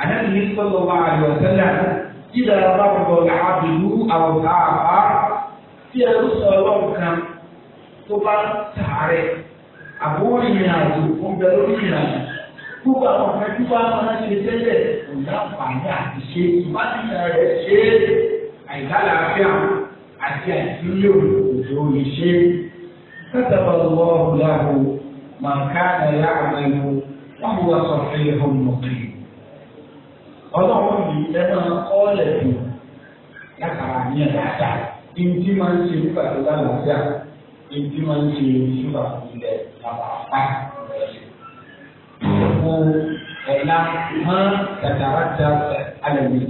S1: àdéhùn ní sọ́dọ̀ wa àyọ̀ sẹ́lẹ̀ àná ìdá alábọ̀dọ̀ làbìlú àwòrán àbá tí ẹrú sọ ọlọ́run kan tó bá tààrẹ
S3: àbúrò ìrìn àjò ó ń bẹ lórí ìrìn
S1: àjò gbogbo àwọn ọ̀fẹ́ tí wọ́n máa ń ṣe tẹ́lẹ̀ kò láǹfààní àti ṣe ìbánisà rẹ̀ ṣe àìlálàáfíà àti àìsílẹ̀ òjò ìṣe. kátàbà lọ́wọ́ ọ̀hún láàbò màkà ẹ̀yà àmàlù wọ́n bu aṣọ fẹ́lẹ̀ hàn mọ̀kì ọlọ́run yìí ẹ máa kọ́ lẹ́sìn látara ní ẹ̀ dáadáa ìdí máa ń ṣe nígbà tó lálàáfíà ìdí máa ń ṣe nígbà tó ilẹ̀ làbàbà ko ẹ̀la mọ́ tàtàrà da alẹ́ mi.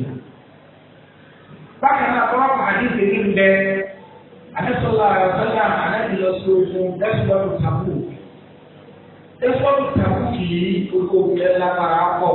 S1: bákan náà kọ́lá kan àti ìdílé ń bẹ alẹ́sọ̀lá ọ̀sọ́lá alẹ́sọ̀lọ́sọ ogun dẹ́sọ̀lọ́sọ tàbú dẹ́sọ̀lọ́sọ tàbú kìí gbogbo ìlẹ̀ lápára pọ̀.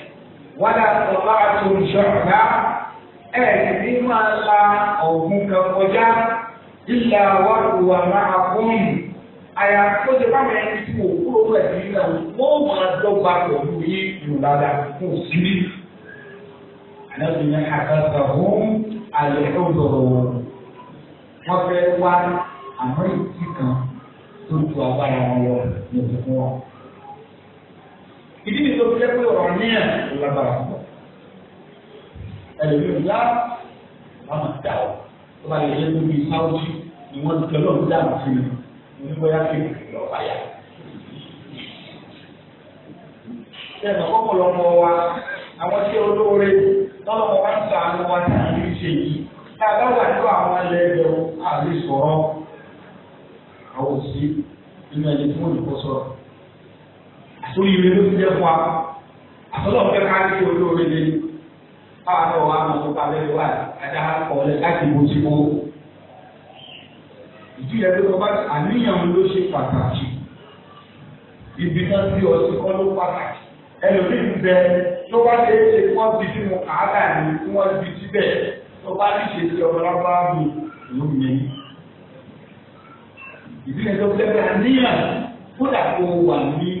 S1: wàdà sọ̀rọ̀ àti olùṣọ́ọ̀gá ẹ̀ ní máa la ọ̀gùn kan kọjá ìlà wàlúwà máa kún àyà tó ṣe fáwọn ẹni tí wò kúrò wẹ̀ nílẹ̀ wọ́n máa dọ́gba pẹ̀lú yín ìrọ̀lá kò sí. àlọ́bìnrin àgbàgbà fún àlẹ́ ọ̀dọ̀rọ̀ wọn fẹ́ wá àmọ́ ìtì kan tó ju agbára wọn lọ ní òkú ìdí mi tó fi jẹ́ pé ọ̀rọ̀ ní ẹ̀ ló lágbára púpọ̀ ẹlòmíràn yá àmà dà ó tó bá yẹ kó bí sáwọ́sì ni wọ́n ti tẹ̀lé ọ̀dọ́ àmà sí mi ní bóyá kéèké lọ́ọ́ bá yá. Ṣẹ́nu ọ̀pọ̀lọpọ̀ wa àwọn tí olóore lọ́lọ́mọ wa ń sọ àwọn wa ní àlè ṣe yìí tá a bá wà nínú àwọn ilẹ̀ ẹ̀dọ̀ àlè sọ̀rọ̀ àwọn òsì nínú ẹni tí wọ́n lè kó sọ̀rọ̀ sórí ire ló ti jẹ́ fún wa àtọ́lọ́ fẹ́ ká ní ojú orí ni báwa náà wà mọ̀ nípa lẹ́yìn wa ẹ̀dá ọ̀lẹ́ láti bo ti bo. ìdí yẹn ló bá àníyàn ló ṣe pàtàkì ibi náà bí ọtí kọ́ ló pàtàkì ẹlòmíì ń bẹ tó bá lè ṣe wọ́n ti fi mu kàádà ní kí wọ́n ti síbẹ̀ tó bá lè ṣe ti ọmọ mi ló ń yẹn. ìdí fẹ́ bẹ́ẹ̀ àníyàn kódà kó wà ní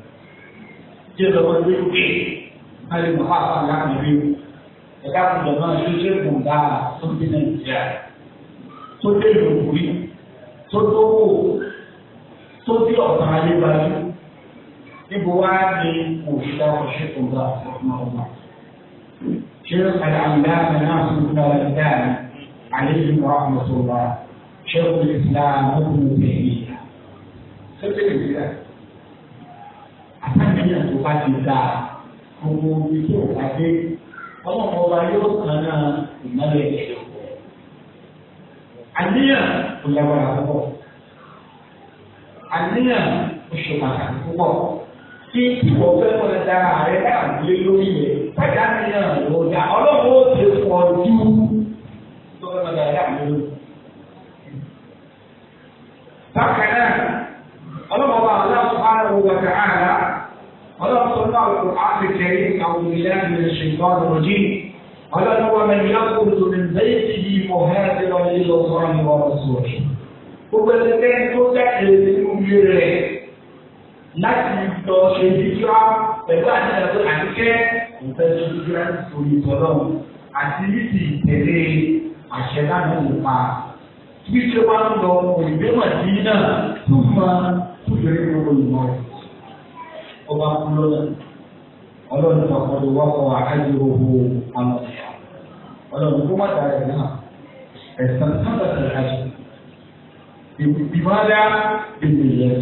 S1: 接着会又去，还有我爸爸家里面，人家不怎么去接触的，身边的一些，做这种努力，做多务，做第二大一般，你不按你五十到五十五的，好吗？شيخ àtàkìyàn tó bá ti dáa gbogbo omi tó bá dé ọlọ́mọ wa yóò kàn náà ìmọ̀lẹ̀ ẹ̀ṣẹ̀ pọ̀. àníyàn kò lágbára púpọ̀ àníyàn kò ṣe púpọ̀ kí ìwọ fẹ́ mọ̀ dára rẹ káàkiri lórí rẹ̀ pẹ̀lú àníyàn ló dá ọlọ́mọ ó ti pọ̀ ju tó fẹ́ mọ̀ dára lórí. bákan náà ọlọ́mọ wa aláwọ̀ á lọ wọ̀ dáhà náà ọlọ́run tó náà lọ áfíkẹ́rì àwọn ilé àgbẹ̀ ṣèǹkan rọ̀jì ọlọ́run من mẹ́rin lákòóso ní bẹ́ẹ̀sì yìí mọ̀ hẹ́ẹ̀dì lọ sí lọ sọ́rọ̀ ní ọ̀rọ̀ sọ̀rọ̀ gbogbo ẹgbẹ́ tó jáde nínú ilé rẹ̀ láti lọ ṣe ìdíjọ́ pẹ̀lú àtẹ̀lẹ́ àdíkẹ́ ìfẹ́ tó dúdúrà sórí ìtọ́lọ́ àti níbi ìtẹ̀lé àṣẹ lánàá nípa bí ṣe wá ń lọ òyìnbó màdínà tó máa tó yẹ kí wọ́n lò ọba kú lọ́nà ọlọ́run fàkọ́dù wákọ̀ àjòhò àwọn ẹ̀yà ọlọ́run tó má dára ẹ̀ náà ẹ̀sán sábà tẹ̀ àjò ìbádá ènìyàn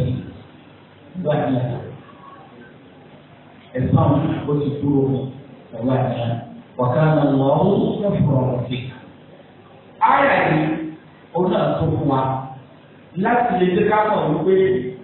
S1: wà ní àná ẹ̀sán ó ti dúró ọ̀la ẹ̀yà wàkàrà lọ́wọ́ ó fọ̀rọ̀ sí. ara yìí ó náà tó fún wa láti lè dé ká mọ̀ wípé.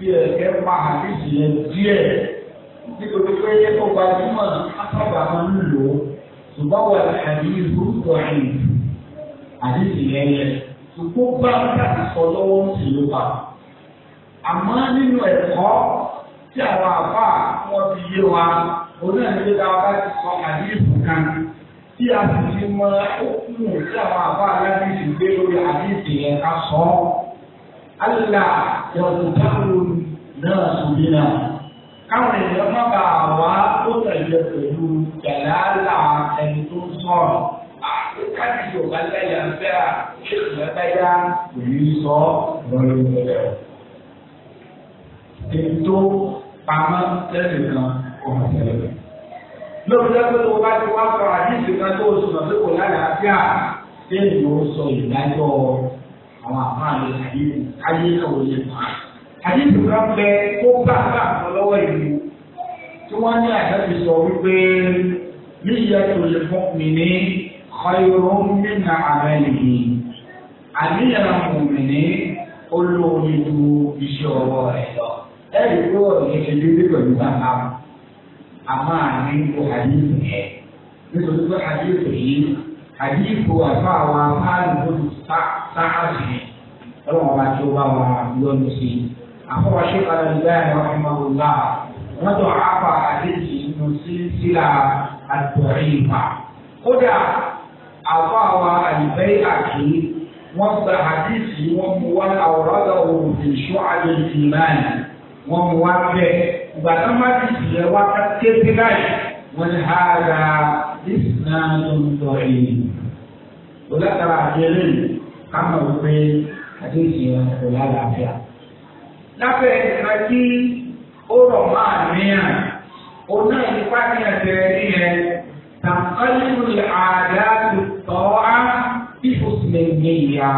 S1: fi ẹ̀kẹ́ pa àdéhùn yẹn díẹ̀ nítorí pé ó gbajúmọ̀ asábà máa ń lò ó ṣùgbọ́n wà àdéhùn rúkọ̀ ẹ̀yìn àdéhùn yẹn yẹn ṣùgbọ́n bá ń dàgbà sọ lọ́wọ́ ń sì ló pa. àmọ́ nínú ẹ̀kọ́ tí àwọn àbá wọn ti yé wa oní ẹ̀jẹ̀ tá a bá sọ àdéhùn kan tí a sì ti mọ okùn tí àwọn àbá aládìsí gbé lórí àdéhùn yẹn ká sọ ọ́. Allah yọ̀dùnkáwò náà sùnmínà. Káwọn èèyàn má bàa wá tó tẹ̀lé pẹ̀lú jàlálà ẹni tó ń sọ̀rọ̀. Àkókò Yorùbá lẹ́yà ń fẹ́ à, ṣé ìgbẹ́ bá yá èyí sọ lọ́rọ̀ ìbẹ̀rẹ̀ o. Ètò pamọ́ tẹ́lẹ̀ kan kò mọ̀ tẹ́lẹ̀. Lóòótọ́ pé o bá ti wá sọ àdíṣe kan tó o sọ̀rọ̀ pé kò lálàáfíà, ṣé ìlú sọ ìdájọ́ àwọn àfáàlú àdéhùn ayé àwọn yẹn fà á. àdéhùn kan bẹ kó bá bá àwọn lọ́wọ́ ìlú tí wọ́n ní àdáfi sọ wípé níyà tó lè fún mi ní ọ̀yọ̀rọ̀ nínú ààrẹ nìyí àníyàn fún mi ní olórí ju iṣẹ́ ọwọ́ rẹ̀ lọ. ẹ̀rí tó ọ̀rọ̀ yẹn ṣe déédéé pẹ̀lú bàbá àmọ́ àní kò àdéhùn yẹn nítorí pé àdéhùn yìí àdéhùn àbá àwọn apá àdúgbò tó sá sáàbì yẹn ọlọ́wọ́n bá tí ó bá wọn lọ́nu sí i àfọwọ́ ṣé kan lórí báyìí wọn fi máa wò láà wọn tó àpá àdéjì inú sílá àtọ̀rí ìfà kódà àfọ àwọn àlùbẹ́ àti wọn gba àdéjì wọn mú wá àwòrán ọ̀dọ̀ òun ti ṣú àdéjì ìmáàlì wọn mú wá bẹ́ẹ̀ ìgbà tó má ti sílẹ̀ wá kéde báyìí wọn ní hàrà ìsìnà ló ń tọ́ ẹ̀yìn. Olùkàrà àti ẹlẹ́yìn. ká mọ̀ wípé àdéhùn yẹn kò lálàáfíà. lábẹ́ ìgbà tí ó rọ̀ máa níyàn òun náà ní pàṣẹ tẹ̀lé yẹn tàkàlù àdá tó á bí kò sì lè gbé ìyá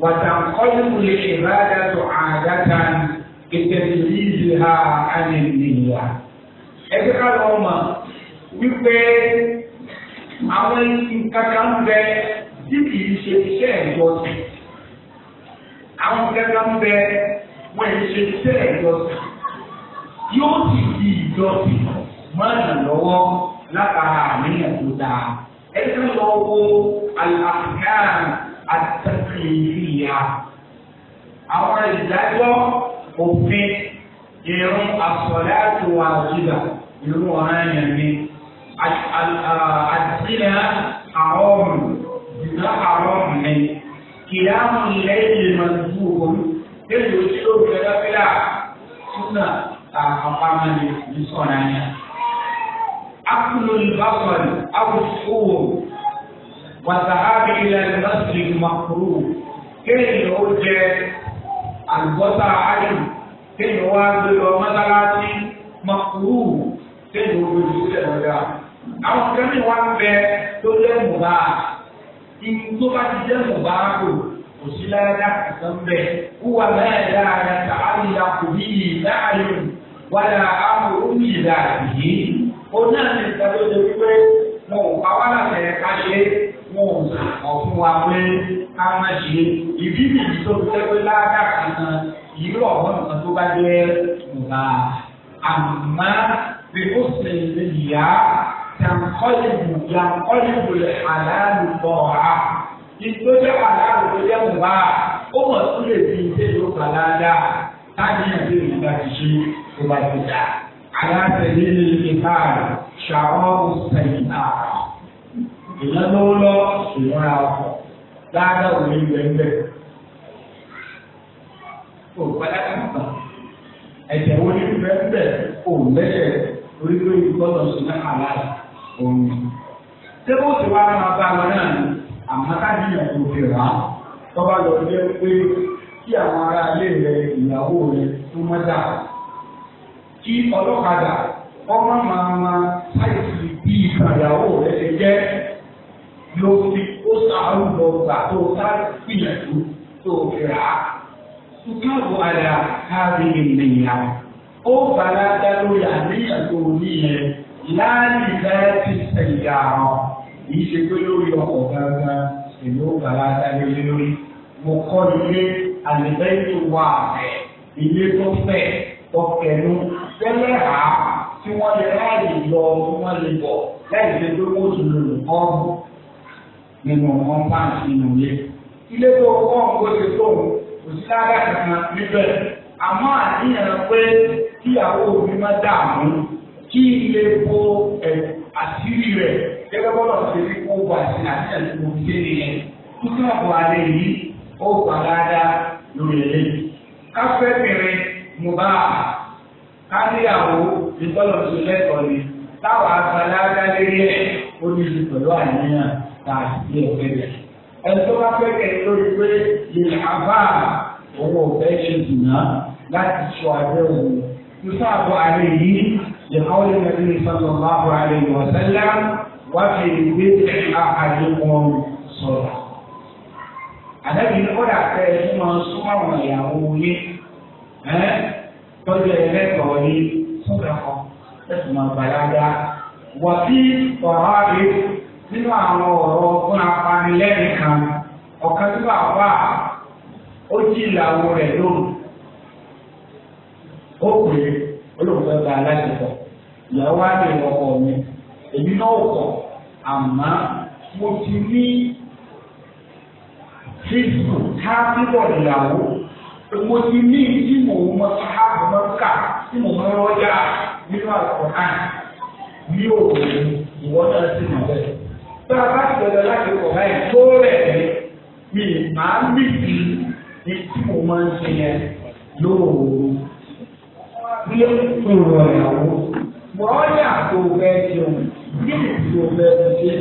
S1: wàtàkàlù tó àdá tán ìtẹ̀lẹ́ ìlú ha á lè ẹgbẹ́ ká lọ́ọ́ mọ̀ wípé àwọn nǹkan kan tí kì í ṣe iṣẹ́ ìjọsìn àwọn kẹta ń bẹ wọn ì ṣe iṣẹ́ ìjọsìn yóò sì di ìjọsìn máa ràn lọ́wọ́ látara àníyàn tó dáa ẹgbẹ́ lọ wo àlàáfíà àtẹ̀kìlìyà àwọn ìdájọ́ òfin ìrún àsọ̀lá àti wàjúbà ìrún ọ̀ràn yẹn ni àtìlẹ̀ àwọn ọ̀rùn. حرام عليه قيام الليل مندوب للوجوب كذا سنة أقام لصنعها أكل البصل أو الصوم والذهاب إلى المسجد مكروه kéèyàn ó jẹ àlùbọ́sà ayù kéèyàn wá gbé lọ mọ́sálásí mọ́kúrú kéèyàn ó gbé jù sílẹ̀ lọ́dà. àwọn kẹ́mi wá ń bẹ tó jẹ́ ìlú tó bá ti jẹ́ mùbáàkù òṣìlára kàtàn bẹ́ẹ̀ wúwa mẹ́ẹ̀ẹ́dá ara tààlà kò ní ìdáàlú wàlà àwọn omi ìdáàbìyí. ó náà ní ìtàgé ṣe wípé wọn ò pa wá láfẹ̀ẹ́ ká ṣe wọn ò sàn ọ̀fun wa pé ká má ṣe ìdí nìyí tó fi jẹ́ pé láàdá kàtàn ìlú ọ̀hún nǹkan tó bá jẹ́ mùbá àmọ́ bí ó sì lè yá yankọlibu yankọlibu le alalu bọha ito jẹ alalu tó jẹ mùbá ó mọ tó lè fi ṣe ló balada táyé ìdí ìgbà ṣíṣe tó bá ti dà alásèlè ní ìfà ṣàwọn òsèlè náà ìyẹn ló lọ ìmúra ọkọ dáadáa ò ní gbẹngbẹ kò balada nǹkan ẹ̀jẹ̀ wo ni gbẹngbẹ kò lẹ́sẹ̀ orí lórí gbọ́dọ̀ sí náà aláàlú. omi. ṣé bó ti wá máa bá wọn náà ni àmọ́ káàdìyàn kò fi rà á tọ́ba lọ jẹ́ pé kí àwọn ará ilé rẹ ìyàwó rẹ tó mọ́ dà kí ọlọ́kadà ọmọ máa máa ṣàìsí bí ìgbàyàwó rẹ jẹ́ ló fi ó sàárù lọ gbà tó sáré gbìyànjú tó fi rà á. káàdì láàyè bẹ́ẹ̀ ti sẹ̀yà ọ̀ yìí ṣe pé lórí ọkọ̀ gangan èmi ó gbà ládàá lé lórí mo kọ́ ilé àlẹ́bẹ́yìn wà bẹ́ẹ̀ ilé tó fẹ̀ tọkẹ̀nu tẹ́lẹ̀ hà tí wọ́n lè ráàyè lọ tí wọ́n lè bọ̀ láì ṣe pé wọ́n tún lò lùkọ́ nínú kọ́ńpáǹtì nínú ilé. ilé tó kọ́ ń gbé tó kò sí ládàá kankan níbẹ̀ àmọ́ àníyàn pé kíyàwó mi má dààmú kí ilé bo ẹ̀ àṣírí rẹ̀ gẹ́gẹ́ bọ́lá ṣe ní kó bọ̀ àti àti àlùkò ṣe nìyẹn tó kí àbọ̀ alẹ́ yìí ó gbà dáadáa lórí ilé. káfẹ́bìnrin mo bá a káníyàwó ìtọ́lọ̀ tó lẹ́tọ̀ọ́ ni táwa gbalága lérí ẹ̀ ó ní ìlú pẹ̀lú àníyàn tá a sì lé ọ̀fẹ́ rẹ̀. ẹni tó bá fẹ́ kẹ́ lórí pé lè àbá òun ò fẹ́ ṣe jùlọ láti sọ àbẹ́ òun tó sáàbọ̀ alẹ́ yìí. لقول النبي صلى الله عليه وسلم وفي بضع أحدكم صلاة àdàbí kódà pé ẹni máa súnmọ́ àwọn ìyàwó yín tọ́jú ẹlẹ́kọ̀ọ́ yín sọ́dọ̀ kan ẹ̀sùn máa gbàlágà wọ́n ti ọ̀rọ̀ àbí nínú àwọn ọ̀rọ̀ ọgbọ́n apanilẹ́rìn kan ọ̀kan tí bàbá ó jí ìlàwó rẹ̀ lóhùn ó pè é. olóògbé gba aláṣepọ̀ ìyàwó á lè mi èmi náà kọ̀ àmọ́ mo ti ní fífù hábíbọ̀ ìyàwó mo ti ní tí mò ń mọ sáhábù mọ́ ká tí mò ń rọ́jà nínú àkọ́kọ́ náà ní òòrùn ìwọ́n náà sì mọ̀ bẹ́ẹ̀. Bí a bá gbẹ̀rẹ̀ láti kọ̀ báyìí tó rẹ̀ mi, mi máa ń bìtì ní tí mo máa ń ṣe yẹn lóòrùn bí ìrọ̀ ìyàwó mọ̀ọ́yà tó fẹ́ jẹun bí ìrọ̀ fẹ́ jẹ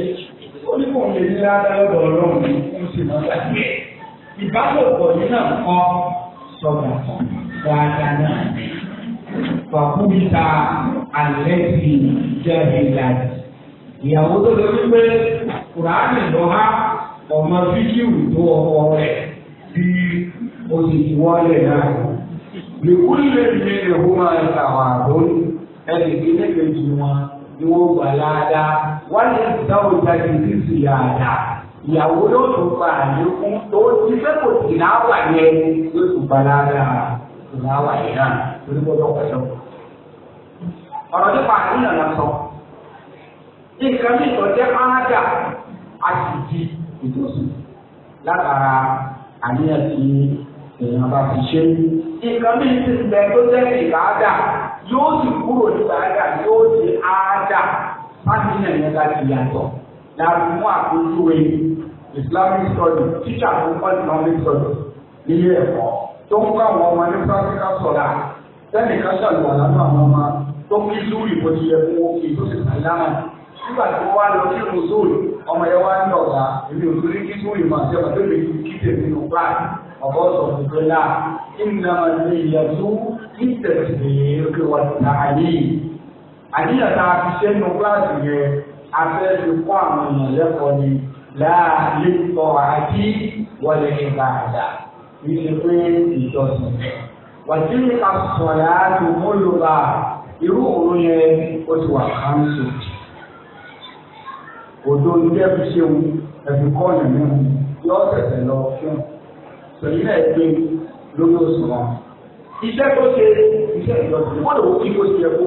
S1: onímọ̀ lè ní ládàlọ́dọ̀ ọlọ́run ó sì máa ìbálòpọ̀ yìí kọ́ sọ̀rọ̀ dáadáa náà fàkúta alẹ́ ti ìyàwó tó lọ wípé kùránì lọ́ha ọmọ fíjìwì tó ọkọ rẹ̀ bí o sì ti wọlé náà lèkúlè ní ẹ̀hún máa ń ta àwọn àbọ̀n ẹ̀dì ìpínlẹ̀ kejì wọn ni wọ́n gbà láadáa wọ́n lè dáwọ́ jáde ní sí yàrá ìyàwó yóò tún gba àlékún tó ti fẹ́ kò sì láwà yẹn yóò tún gba láadáa kò láwà yẹn náà torí wọ́n lọ́wọ́ ọ̀rọ̀ nípa àdúrà sọ nǹkan bí ìtọ́jẹ́ áádà á ìtòsí látara àníyàn tí èèyàn bá fi ṣe é nǹkan bí ti bẹ tó jẹ́ ìbáàdà yóò sì kúrò ní ìbáàdà yóò di áádà láti ní ẹ̀yẹ́ láti yàtọ̀ láti mú àkójúwe Islamic study teacher tó kọ́ Islamic study nílé ẹ̀kọ́ tó ń kọ́ àwọn ọmọ ní practical sọ̀dà sẹ́nìkan ṣàlùwà lánàá àwọn ọmọ tó kí lórí bó ti yẹ fún òkè tó sì sàn lánàá nígbà tí wọ́n wá lọ sí ìlú sóòlù ọmọ yẹn wá ní ọ̀gá èmi ò وبرضه طلع إنما النية للتسبيح والتعليم àníyà tá a fi ṣe nínú kíláàsì yẹn a fẹ́ fi kọ́ àwọn èèyàn lẹ́kọ̀ọ́ ni láàlẹ́ tọ́ àti wọlé ìgbàdà kì í ṣe pé ìjọsìn wàtí ní asọ̀yà tó mọ́lùbà irú òun yẹn ó ti wà káńsù òdo ní ẹ̀fí ṣeun ẹ̀fí kọ́ ọ̀nà mẹ́rin yọ ọ̀sẹ̀ tẹ̀ lọ fún un pẹ̀lú náà gbé lórí òṣùwọ̀n. Iṣẹ́ tó ṣe iṣẹ́ ìjọsìn wọ́n lè wo kí kó ṣe kó.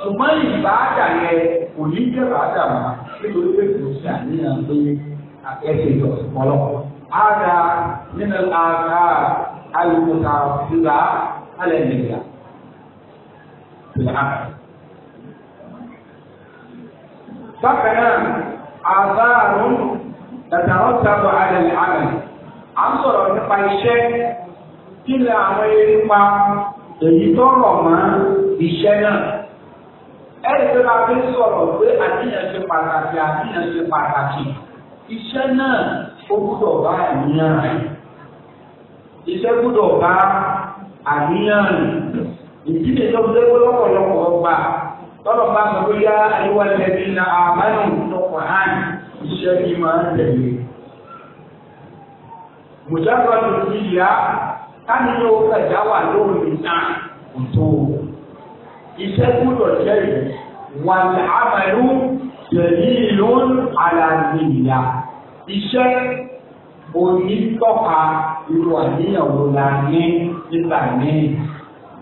S1: Ṣùgbọ́n ìbáàdà yẹn kò ní jẹ́ bàádà mọ́ nítorí pé kò sí àníyàn pé ẹsẹ̀ ìjọsìn kan lọ. Ada nínú àga alùpùpù ìgbà alẹ́ nìyà. Bákan náà, àbárùn-ún tàtàrọ́ sábà alẹ́ nìyà. à ń sọ̀rọ̀ nípa iṣẹ́ kí ni àwọn erépa èyí tó rọ̀ mọ́ iṣẹ́ náà ẹ̀rí tó la fi sọ̀rọ̀ pé àníyàn ṣe pàtàkì àníyàn ṣe pàtàkì iṣẹ́ náà ó gbúdọ̀ bá àníyàn rẹ̀ iṣẹ́ gbúdọ̀ bá àníyàn rẹ̀ ìdílé tó gbé lọ́pọ̀lọpọ̀ ọgbà bá na lọ́pọ̀ hàn iṣẹ́ máa ń tẹ̀lé. mùsàlùmá tó ti yá káni yóò kẹjà wà lórí náà kùtù iṣẹ́ gbúdọ̀ jẹ́rìí wà ní amẹ̀lú jẹ̀lí ìlú alàmìlá iṣẹ́ òní tọ́ka irú àníyàn wò la ní nígbà míì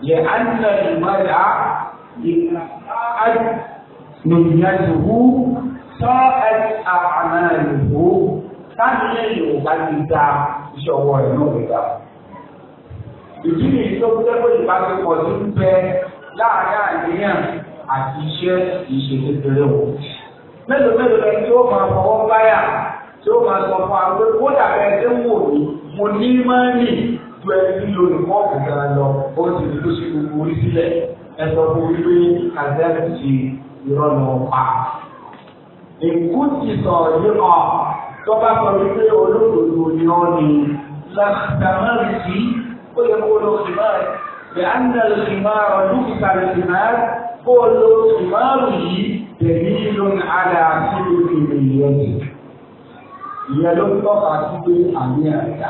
S1: yẹ ànínà ìmọ̀lá ìlànà sọ ẹ̀ àmàlù káni yóò bá ti dáa iṣẹ́ ọwọ́ rẹ̀ ló gbéra. Ìdí nìyí tó gbé pé ìbáṣepọ̀ ti ń bẹ láàárín àníyàn àti iṣẹ́ ìṣe kékeré wò. Mélòó mélòó lẹni tí ó máa fọwọ́ báyà tí ó máa sọ fún àwọn pé kódà bẹ́ẹ̀ wò mí mo ní máa ń ju ẹni tí lo ìkọ́ọ̀kù gan lọ ó sì ní ló gbogbo orí sílẹ̀ ẹ sọ fún mi pé àdéhùn ti irọ́ pa. Èkó ti sọ̀rọ̀ yìí hàn tó bá sọ wípé olódodo ni ọ́ ni làkàmárì sí ó yẹ kó lọ sí máa rẹ̀ àná lè fi máa rọ̀ lókùtà lè fi máa kó lọ sí máa rù yìí tẹ̀lé lónìí àlà àkúrò ìrìn ìyẹn ìyẹn ló ń tọ́ka sí pé àmì àríyá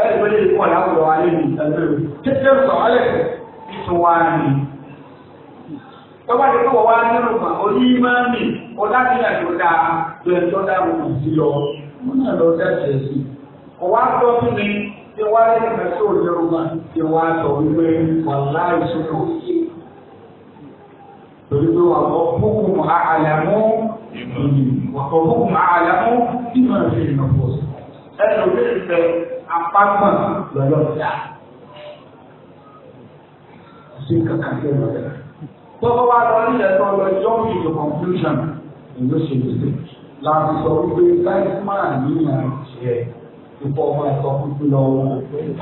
S1: ẹ̀rí pé lè kọ́ láwùjọ wa lè ní ìtẹ́lẹ̀ tẹ́tẹ́ sọ̀rọ̀ lẹ̀ nítorí wa tọ́ba ti kọ́ wá nínú mà oní ìmáàmì ọ̀dàbíyà tó dáa tó ẹ̀ tó dáa wò sí lọ wọn náà lọ dáṣẹ sí ọwọ́ àtọ́ fún mi tí wọ́n á lè fẹ́ sí òjòrò mà tí wọ́n á sọ wípé wà láì sọ̀rọ̀ òye torí pé wà bọ́ fúkú mà àlàmú wà bọ́ fúkú mà àlàmú tí fi ìmọ̀ pọ̀ sí ẹnu bí ìfẹ́ apámọ̀ lọ́lọ́ta sí kankan tó lọ́lọ́ta tọ́kọ́ bá lọ ní ẹ̀tọ́ lọ jump to the conclusion ìlú ṣe lè láti sọ wípé sáyẹ́nsì máa níyàn jẹ́ ìfọ̀ ọmọ ẹ̀kọ́ kúkú lọ́wọ́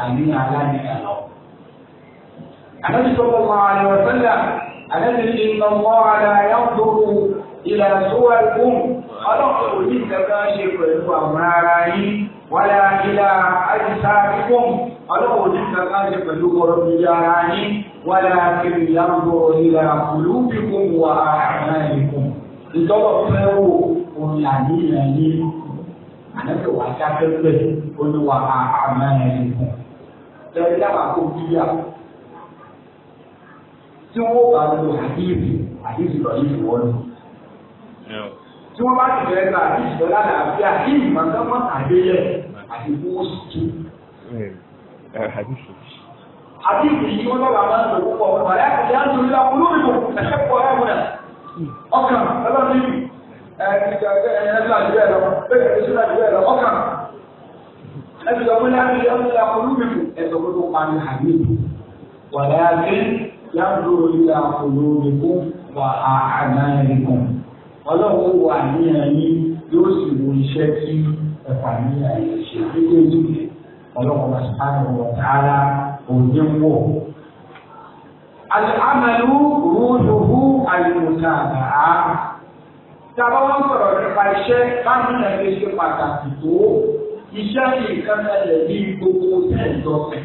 S1: àníyàn aláníyàn lọ. àdájọ́ ọmọ àlẹ́ ọ̀sẹ́lẹ̀ àdájọ́ ìlú ọmọ àlẹ́ ayọ́dúró ilẹ̀ àtúwọ̀ ẹ̀kún ọlọ́pàá òní ìtẹ̀ká ṣe pẹ̀lú àwọn ara yín wálé ilẹ̀ àjíṣà kíkún ọlọ́pàá òní ìtẹ̀ká ṣe pẹ̀lú ọ̀rọ̀ ìyá ara yín. ولكن ينظر إلى قلوبكم وأعمالكم ìtọ́wọ́ fẹ́ wò òun là ní ìlà yìí ànáfẹ́ wà sáfẹ́fẹ́ olúwa àmàlẹ́kùn lẹ́yìn dábàá kó bíyà tí wọ́n bá lo àdìsí àdìsí lọ yìí wọ́n lò tí wọ́n bá ti bẹ̀rẹ̀ lọ àdìsí lọ lálàáfíà àdìsí màkàmọ́ àdéyẹ àdìsí wọ́n sì tún àdìsí yìí wọ́n bá máa lò púpọ̀ wàlẹ́ àkùnrin á lórí akúlóòrìbò ẹ̀ṣẹ̀pọ̀ ẹ̀mùnà ọkàn ẹlọ́dún yìí ẹ̀ẹ́dẹ̀ẹ́dẹ́gbẹ̀rẹ̀ ẹbí lọ fún lábẹ́ ọdún la olúmìkù ẹ̀sọ́ pé kó pa ní àgbẹ̀kù wà láyé yàgò ìlà olómìkù wà àgbẹ̀kù ọlọ́run wà ní ẹni yóò sì wo iṣẹ́ tí ẹ̀fà ní àyè ṣe déédéé ọlọ́run wà sí àwọn ọ̀tá ara òní wọ̀. Àmàlú rúdùhù àlùmùtàbà á. Tàbá wọn sọ̀rọ̀ nípa iṣẹ́ báwọn náà lè ṣe pàtàkì tó iṣẹ́ ìkànnì ní gbogbo ẹ̀dọ́fẹ̀.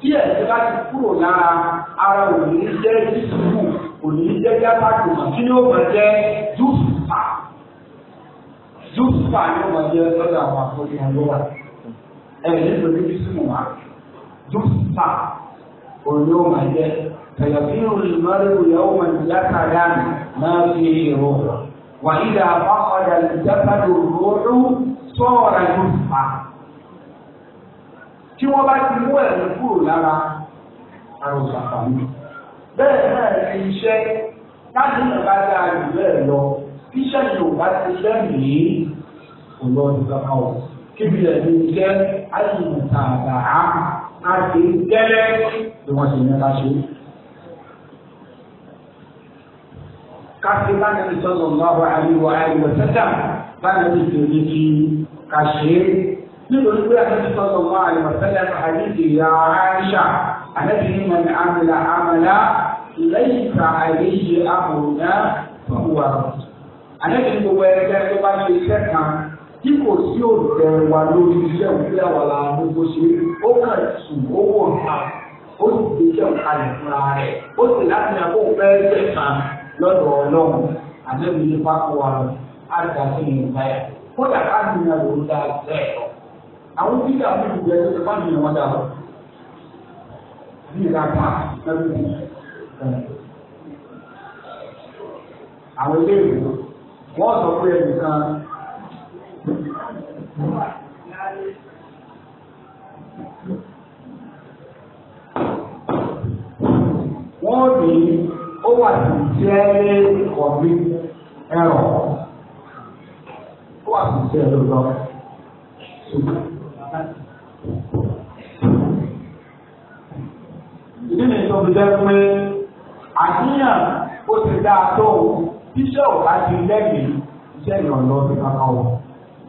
S1: Tí bá ti kúrò lára ara òní jẹ́ jùsùkù òní jẹ́ jábàtò kí ni ó máa jẹ́ jùsùpà. Jùsùpà ni ó máa jẹ́ lọ́dọ̀ àwọn àkọsílẹ̀ lọ́wọ́. Ẹ̀yìn ló ní jùsùmù wá dúpà òní ó máa jẹ tẹlifíìrù lùmọ́rẹ́wò ما فيه روح kàdán náà fi rò wà ìdá àpapọ̀dà ìjábàdò ròrò sọ́ọ̀rà dúpà. tí wọ́n bá ti mú ẹ̀rù kúrò lára àrùn sàfàmì bẹ́ẹ̀ náà ti iṣẹ́ láti ìgbà tá a lù bẹ́ẹ̀ lọ iṣẹ́ yorùbá ti lẹ́mìí ọlọ́dún bàbá wọn kébìlẹ̀ ní iṣẹ́ àyùmọ̀tàbà á a sì ń gẹ́lẹ́ bí wọ́n sì ní ká ṣe. Káṣí bá nàbí sọ́nà ọ̀gbọ́n àríwá àríwá sẹ́dá bá nàbí tòlí fi ká ṣe é. Nítorí pé àti sọ́nà ọ̀gbọ́n àríwá sẹ́dá àdìsí ya Aisha àdìsí ní mọ̀nì àmàlà àmàlà lẹ́yìn ká àìlèyé àmọ̀nà fún wa. Àdìsí gbogbo ẹgbẹ́ tó bá ṣe iṣẹ́ kan tí kò sí òǹtẹ̀ wa lórí iṣẹ́ òǹtẹ̀ wa la ní bó ṣe ó kàn sùn ó wò ká ó sì gbé iṣẹ́ òǹkalẹ̀ fúnra rẹ̀ ó sì láti ní àkókò fẹ́ tẹ̀ka lọ́dọ̀ ọlọ́run àbẹ́bí ní pápá wa àgbà sí ní ìgbáyà kódà ká ní ìyá lòún dá bẹ́ẹ̀ lọ. àwọn tí ìyá mi ìgbẹ́ ló ti bá mi wọn dà wọ́n bí ìlà pa wọ́n ní ó wà sí jẹ́ ìkọ̀bí ẹ̀rọ ó wà sí jẹ́ lọ́wọ́ ṣùgbọ́n. ìdí mi tó fi jẹ́ pé àníyàn ó ti dáa tó iṣẹ́ ò bá ti lẹ́yìn iṣẹ́ ìrànlọ́wọ́ ti kankan wọ̀.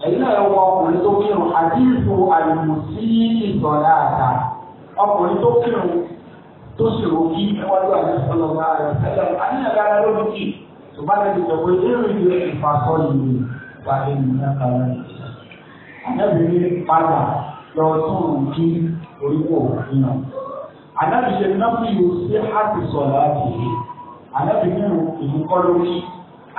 S1: ẹ̀yin náà wọ ọkùnrin tó kírun àdínkù àlùmùsí ìtọ̀lá àtà ọkùnrin tó kírun tó sì rò kí ẹwàlú àdínkù ọlọ́gbà rẹ̀ tẹ́lẹ̀ àníyànká lójú kì ṣùgbọ́n ẹni tó pé ẹ̀rù ìlú ìfàsọ yìí wà ẹ̀yìn náà kàrà ànábìrin padà lọ tún rò kí oríwó òfin náà ànábìrin náà fi yóò ṣe àti sọ̀rọ̀ àti ànábìrin ìlú kọ́ lórí.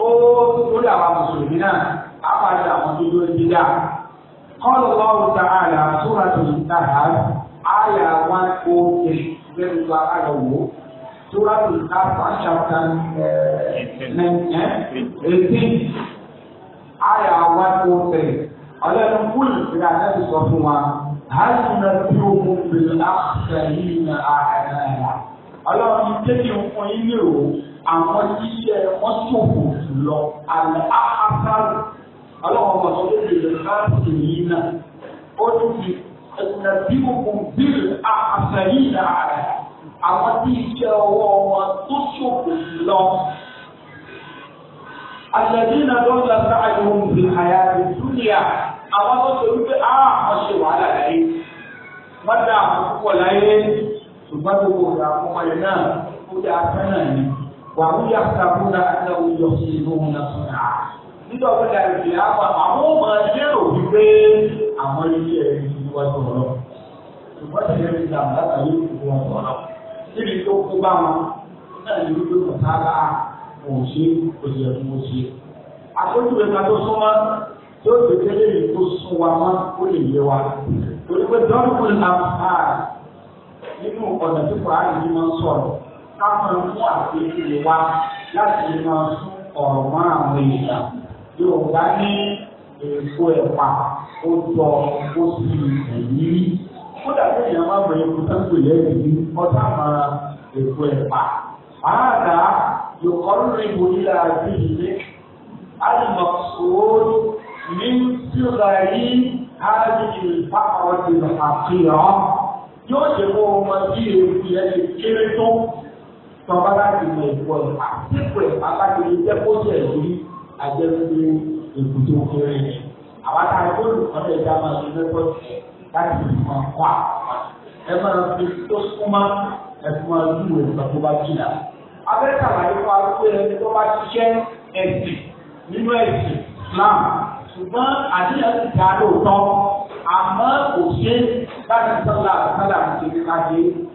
S1: ó lórí àwọn mùsùlùmí náà àpàdé àwọn tó dúró ní kọ́lù lọ́wọ́ ta àyà sóra tó ń ta hà àyà wọn kó kẹ lẹ́nu tó àyà wò sóra tó ń ta fà ṣàkà kó kẹ ọlọ́run kúlù sọ fún wa. ọlọ́run fún yín ní òun àwọn jíṣẹ́ wọn ṣòfò lọ àlẹ́ àkàtàrù ọlọ́wọ́n wọn tó lè lè káàkiri yìí náà ó ní ti ẹ̀sìnà bí kòkò bíl àkàtàrì náà àwọn jíṣẹ́ ọwọ́ wọn tó ṣòfò lọ. Àlẹ́dínà ló ń lọ sáájú ohun ìhàyà ìdúnìyà àwọn tó ṣe wípé á àwọn ṣe wàhálà láyé. Wọ́n dá àwọn púpọ̀ láyé ṣùgbọ́n gbogbo ìdààmú ọ̀rẹ́ náà ó dá sẹ́nà ni wàhùn yà sàkó na àtàwù yọ sí ìlúhùn náà sọ̀rọ̀ à. nígbà wo la ìdè àwọn àwọn ọmọ ẹgbẹ́ òbí pé àwọn ilé ẹ̀rí ti wá sọ̀rọ̀ ṣùgbọ́n tẹ̀lé ti dà láta yóò fi wá sọ̀rọ̀ níbi tó kó bá wọn náà ní wípé kò sára kò ṣe
S2: kò yẹ kó ṣe.
S1: àtọ́jú ẹ̀ka tó súnmọ́ tó tètè lè tó sún wa mọ́ ó lè yé wa torí pé dọ́kùn nínú ọ̀nà tó fà á yìí máa ń sọ̀rọ̀ ká máa mú wa láti máa fún ọ̀rọ̀ mọ́ àwọn èèyàn yorùbá ní èso ẹ̀pà ó jọ ó sì èyí kódà tó yẹn máa mọ ewu tó ń pè lẹ́yìn máa èso ẹ̀pà àádá yòókọ́rù ìbò nílà àti ìlé alìmọ̀sọ́ọ́d ní sílá yìí áàdì ìfàkọ̀ọ́dì àfihàn yóò jẹ́ kó o máa bí ewu yẹn ti kéré tó tí wọn bá bá ti mọ ìwọ ìpa dípò ìpa bá ti lè jẹ kó jẹ lórí àjẹmílẹ èkúté òkèrè rẹ àwọn tá a tó lùkọ́ lè dá máa fi lẹ́kọ̀ọ́ jẹ láti mọ kọ́ àwọn ẹ máa fi tó súnmọ́ ẹ fún máa lù ẹ̀ nígbà tó bá jìnnà. abẹ́rẹ́ sàlàyé fún arúgbó ẹni tó bá ṣiṣẹ́ ẹ̀sìn nínú ẹ̀sìn Islam ṣùgbọ́n àníyàn ti dá lóòótọ́ àmọ́ kò ṣe láti sọ́lá àti àti ṣe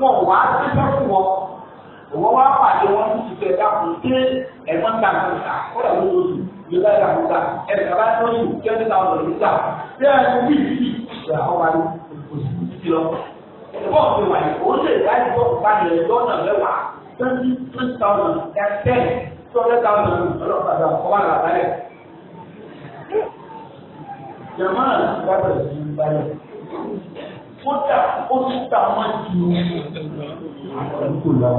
S1: wọn ò wá tẹ́tẹ́ fún wọn òwò wá pàdé wọn ní ìfẹ́ dákun dé ẹ̀gbọ́n ta kò ta ó dà lóṣù yóò bá yàgò ta ẹ̀ bàbá lóṣù twenty thousand ní ta bí a ti wí sí ìgbà ọba ní oṣù títí lọ. ẹ̀fọ́ mi wà ní o lè dá ìfọ́ ìpàdé lọ́nà mẹ́wàá twenty twenty thousand ẹ̀ ten twenty thousand ọlọ́pàá ọba làbálẹ̀. jẹ̀mọ́ àti bàbá ìlú balẹ̀ kódà ó tún gbà wọ́n ju àdúgbò lọ.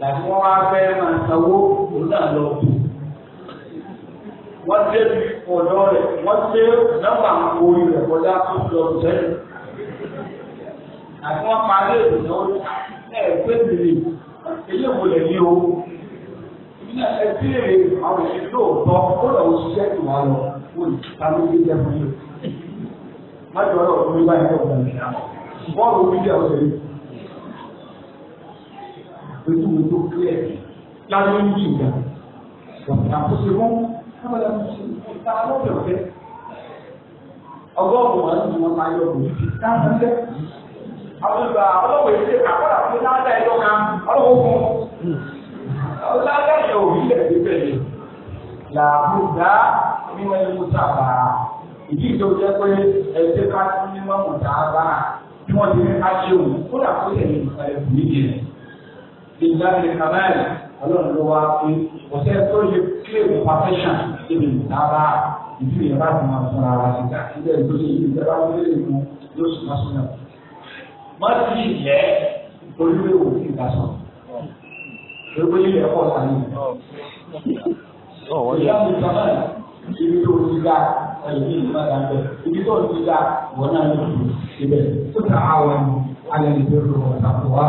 S1: Làbí wọ́n wá fẹ́ máa sanwó òun náà lọ bù. Wọ́n dé ọ̀dọ́ rẹ̀, wọ́n dé nọ́mbà orí rẹ̀ kọjá tó lọ sẹ́yìn. Àti wọ́n parí èrò náà ẹ̀ pé bèrè èyí ò lè ní o. Ẹ bí èrè àwọn òṣèlú òótọ́ ó lọ òṣìṣẹ́ ìwà lọ, wọ́n ìta ló gbé jẹ́ fún yìí má jọ ọ̀rọ̀ òkú báyìí tó wù mí bọ́ọ̀lù bí díẹ̀ ọ̀sẹ̀ yìí ètò ètò kílẹ̀ láti ń bí ìgbà àkóso wọn kábàlà ìta lọ́bẹ̀ ọ̀fẹ́ ọgọ́rùn-ún wọn ni wọn máa yọ òbí ti àwọn ìgbà ọlọ́wọ̀ èdè àkọ́là fún ládàá ẹ̀dọ́ kan ọlọ́wọ́ ìdí ìjọ jẹ́ pé ẹgbẹ́ ká tún ní mọ́mọ́ tá a bá tí wọ́n ti ní ká òun kó kó lè ní ìpàdé kù níbi rẹ̀. ìgbà tí kàmáàlì ọlọ́run ló wá pé ọ̀sẹ̀ tó lè kílè mú perfection níbi tá a bá ìdí ìyẹn bá fi máa fún ara sí ká síbẹ̀ ló ṣe ìdí ìjọba wọlé mú yóò sùn má sùn náà. wọ́n ibi tó ti ga ẹ̀yìn ìgbà ga bẹ̀ ibi tó ti ga wọn náà ló ti ibẹ̀ tó ta àwọn alẹ́ ìgbẹ́ rẹ̀ wọ́n ta kó wá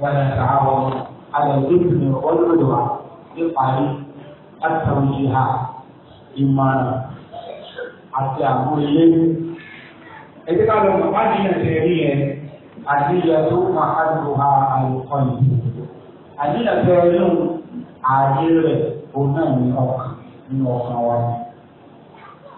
S1: wọ́n ta àwọn alẹ́ ìgbẹ́ rẹ̀ wọ́n lọ́dọ̀ wá níparí àtàwùjìhà ìmọ̀ràn àti àmúlé. Ẹ jẹ́ ká lọ mọ̀ bá ní ẹ̀sẹ̀ rí ẹ àdíyẹ tó máa ká lò ha àlùkọ́ yìí. Àdíyẹ fẹ́ lóhùn ààyè rẹ̀ òun náà ní ọkàn nínú ọkàn wa.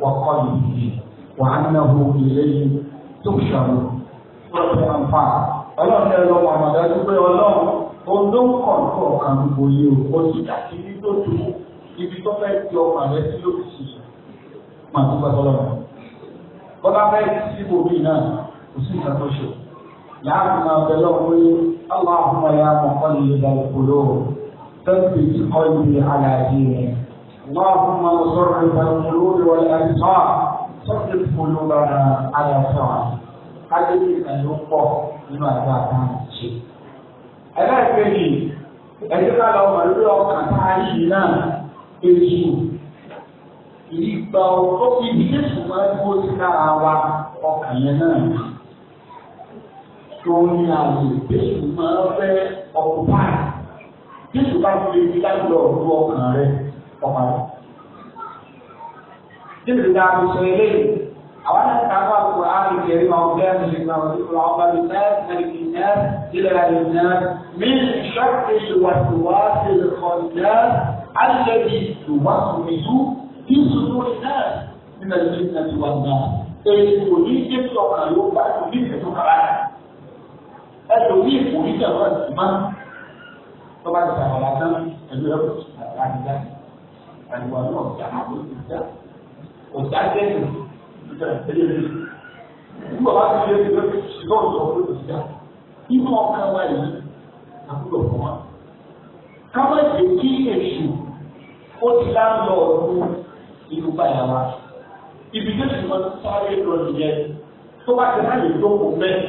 S1: وقلبه وأنه إليه تحشر ربنا ibi ibi ya اللهم وصرف القلوب والأبصار ثبت قلوبنا على طاعتك kájọ́bí kan ló pọ̀ nínú àgbà kan ṣe. ẹlẹ́ẹ̀kejì ẹjọ́ ká lọ mọ̀ lórí ọkàn tá a yìí náà èṣù ìgbà ọ̀tọ́ ibi jésù máa ń dúró sí lára wa ọkàn yẹn náà tó ní àwọn ìgbésù máa ń fẹ́ ọkùnfà jésù bá lè fi láti lọ ọkàn rẹ̀ ọmọ rẹ̀. Jíjìn náà kò sọ eléyìí. Àwọn náà ká wà lóko àárín ìgbèrè máa ń bẹ́ẹ̀ nílùú náà wọ́n ti wọ́n bá mi náà nàì kì náà ilẹ̀ ayé náà. Mí ṣọ́ọ̀tì ìwàsíwá ti kọ̀ náà alẹ́bí ìwàsíwìsú ìṣòro náà nínú ìṣòro náà ti wà náà. Èyí kò ní jẹ́ kí ọkàn yóò bá kò ní ìṣẹ̀tọ́ kàrá. Ẹlòmíì kò ní jẹ́ ọ̀rọ̀ ìgbà. Tọ́ba ti sàkàlà tán, ẹ̀dùn ẹ̀kọ́ ti sàkàlà àlùwà náà ọ̀gá àbójútó ọ̀gá tẹ́lẹ̀ ìjà ìtẹ́lẹ̀ rẹ̀. Nígbà wá sí ilé ìwé ṣùgbọ́n ọ̀dọ́ ọ̀dọ́ ìjà inú ọ̀kan wa yìí àbúrò fún wa. Ká má ṣe kí èṣù ó ti lá lọ ọdún inú báyà wa. Ibi tó ti máa ń sáré lọ nìyẹn tó bá ti láyè dókòó mẹ́rin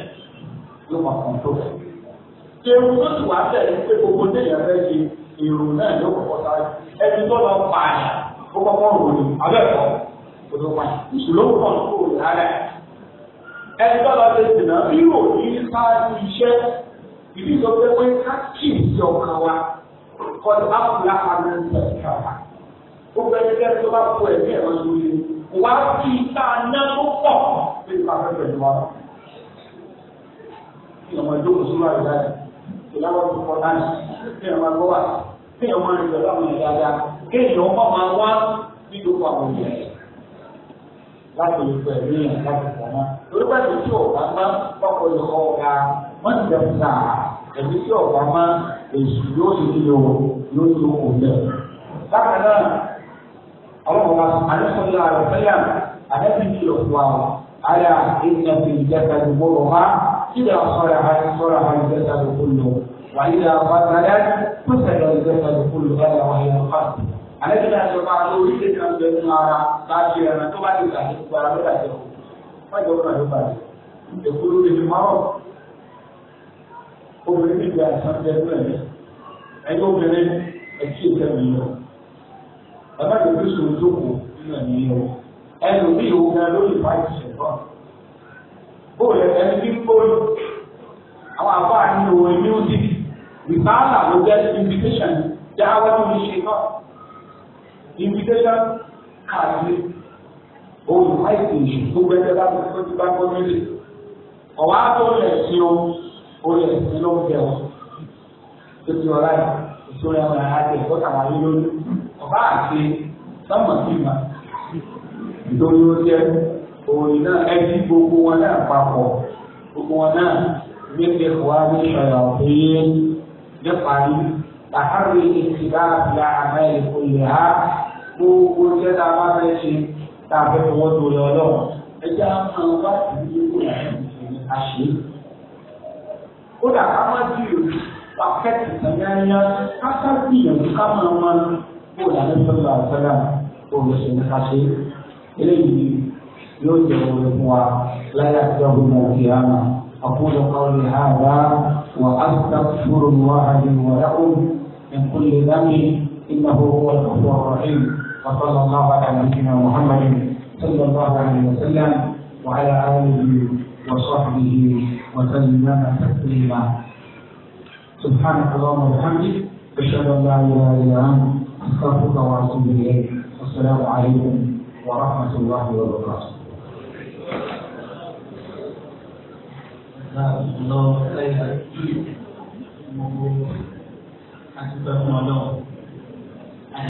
S1: ló máa kàn tó. Èrò tó ti wà bẹ̀rẹ̀ pé gbogbo déyà fẹ́ ṣe èrò náà ló kọ́kọ́ sáré ẹni tó lọ pààyàn ó kọ́kọ́ ròyìn abẹ́ẹ̀kọ́ kò tó pààyàn ìṣòlówó kan tó rò lára ẹni tó lọ ṣe sìnà rírò ní sáájú iṣẹ́ ìdí tó fẹ́ pé ká kì í sí ọkàn wa kọ́ ni áfúlá àmì ìṣẹ̀ká ó fẹ́ ní kẹ́ni tó bá kó ẹ̀mí ẹ̀rọ lórí wá sí ìta náà tó pọ̀ pé ká fẹ́ pẹ̀lú wa. Ìyọ̀mọ̀ ìjókòó sórí àyíká ìlànà tó pọ̀ náà, ìyọ̀mọ̀ ìgbọ́wà kéèyàn máa ń lọ láwọn yẹn dáadáa kéèyàn ọmọ máa wá ní gbogbo àwọn yẹn láti ìfẹ́ ní àgbàdo ìdáná lórí pàtó tí ọ̀gá má ọkọ̀ ìkọ̀ ọ̀gá wọ́n ti dẹ̀kun náà ẹ̀mí tí ọ̀gá má èsì yóò ti di lòwò yóò ti wò lẹ̀. bákan náà àwọn ọ̀gá àdéhùnlá àlùfẹ́yà àdébìtì ọ̀gá àyà ìnàbì ìjẹta ìgbòho ha sílẹ̀ ọ̀sọ̀rọ̀ àyẹ̀sọ̀rọ̀ àyẹ̀sọ̀rọ̀ àyẹ̀sọ̀rọ̀ wàyí pèsè lọ ìgbẹ́ pẹ̀lú olùbáyà wà yẹn fà. Àlejò náà sọ pé àwọn oríṣi kan bẹ nínú ara láti ẹran tó bá ti gbà ní gbogbo ara ló dàjẹ́ o. Wọ́n jẹ́ òkúta ló gbà dé. Èkó ló lè fi márọ̀. Obìnrin ti gba àìsàn jẹ ní ẹ̀mí. Ẹ̀yin obìnrin ẹ̀kí ìtẹ́ mi lọ. Bàbá ìlú bí sòrò tó kù nínú ẹ̀mí yẹn o. Ẹnu bí ìwò gan ló lè fa ìṣẹ̀ náà. Bóòlù ẹni tí ń gbóyò. Àwọn àbá àti ìwò ìmú rìbáàlà ló jẹ́ invitation dáwọ́ tó ń ṣe náà invitation káàkiri olùkọ́ ìpèsè tó gbẹ́jẹ́ bá tó ti bá tó nílé ọ̀wá tó lẹ̀ sí o ó lẹ̀ sí ló ń bẹ̀ wọ́n tó ti ọ̀la yìí ìṣòro ẹ̀rọ ẹ̀ á jẹ́ ìkọ́ta wà lórí ọ̀bá àti sọ́mọ̀ sí ma nítorí ó jẹ́ òòyìn náà ẹbí gbogbo wọn náà papọ̀ gbogbo wọn náà ní ẹ̀kọ́ wa ní níparí tàhárí ìtìbá àbílà àmà ìkó ìhá gbogbo jẹ́ tá a bá fẹ́ ṣe tá a fẹ́ fọwọ́ tó lọ lọ́wọ́ ẹjẹ́ á máa wá ìdílé kó yàrá ìṣẹ̀lẹ̀ àṣẹ. kódà ká má dì o pàkẹ́tì sànyáyá káká gbìyànjú ká máa máa وأستغفر الله لي ولكم من كل ذنب إنه هو الغفور الرحيم وصلى الله على نبينا محمد صلى الله عليه وسلم وعلى آله وصحبه وسلم تسليما سبحانك اللهم وبحمدك أشهد أن لا إله إلا أنت أستغفرك وأتوب إليك والسلام عليكم ورحمة الله وبركاته
S2: náà lọ lẹ́yìn àti
S3: àti ọlọ́run.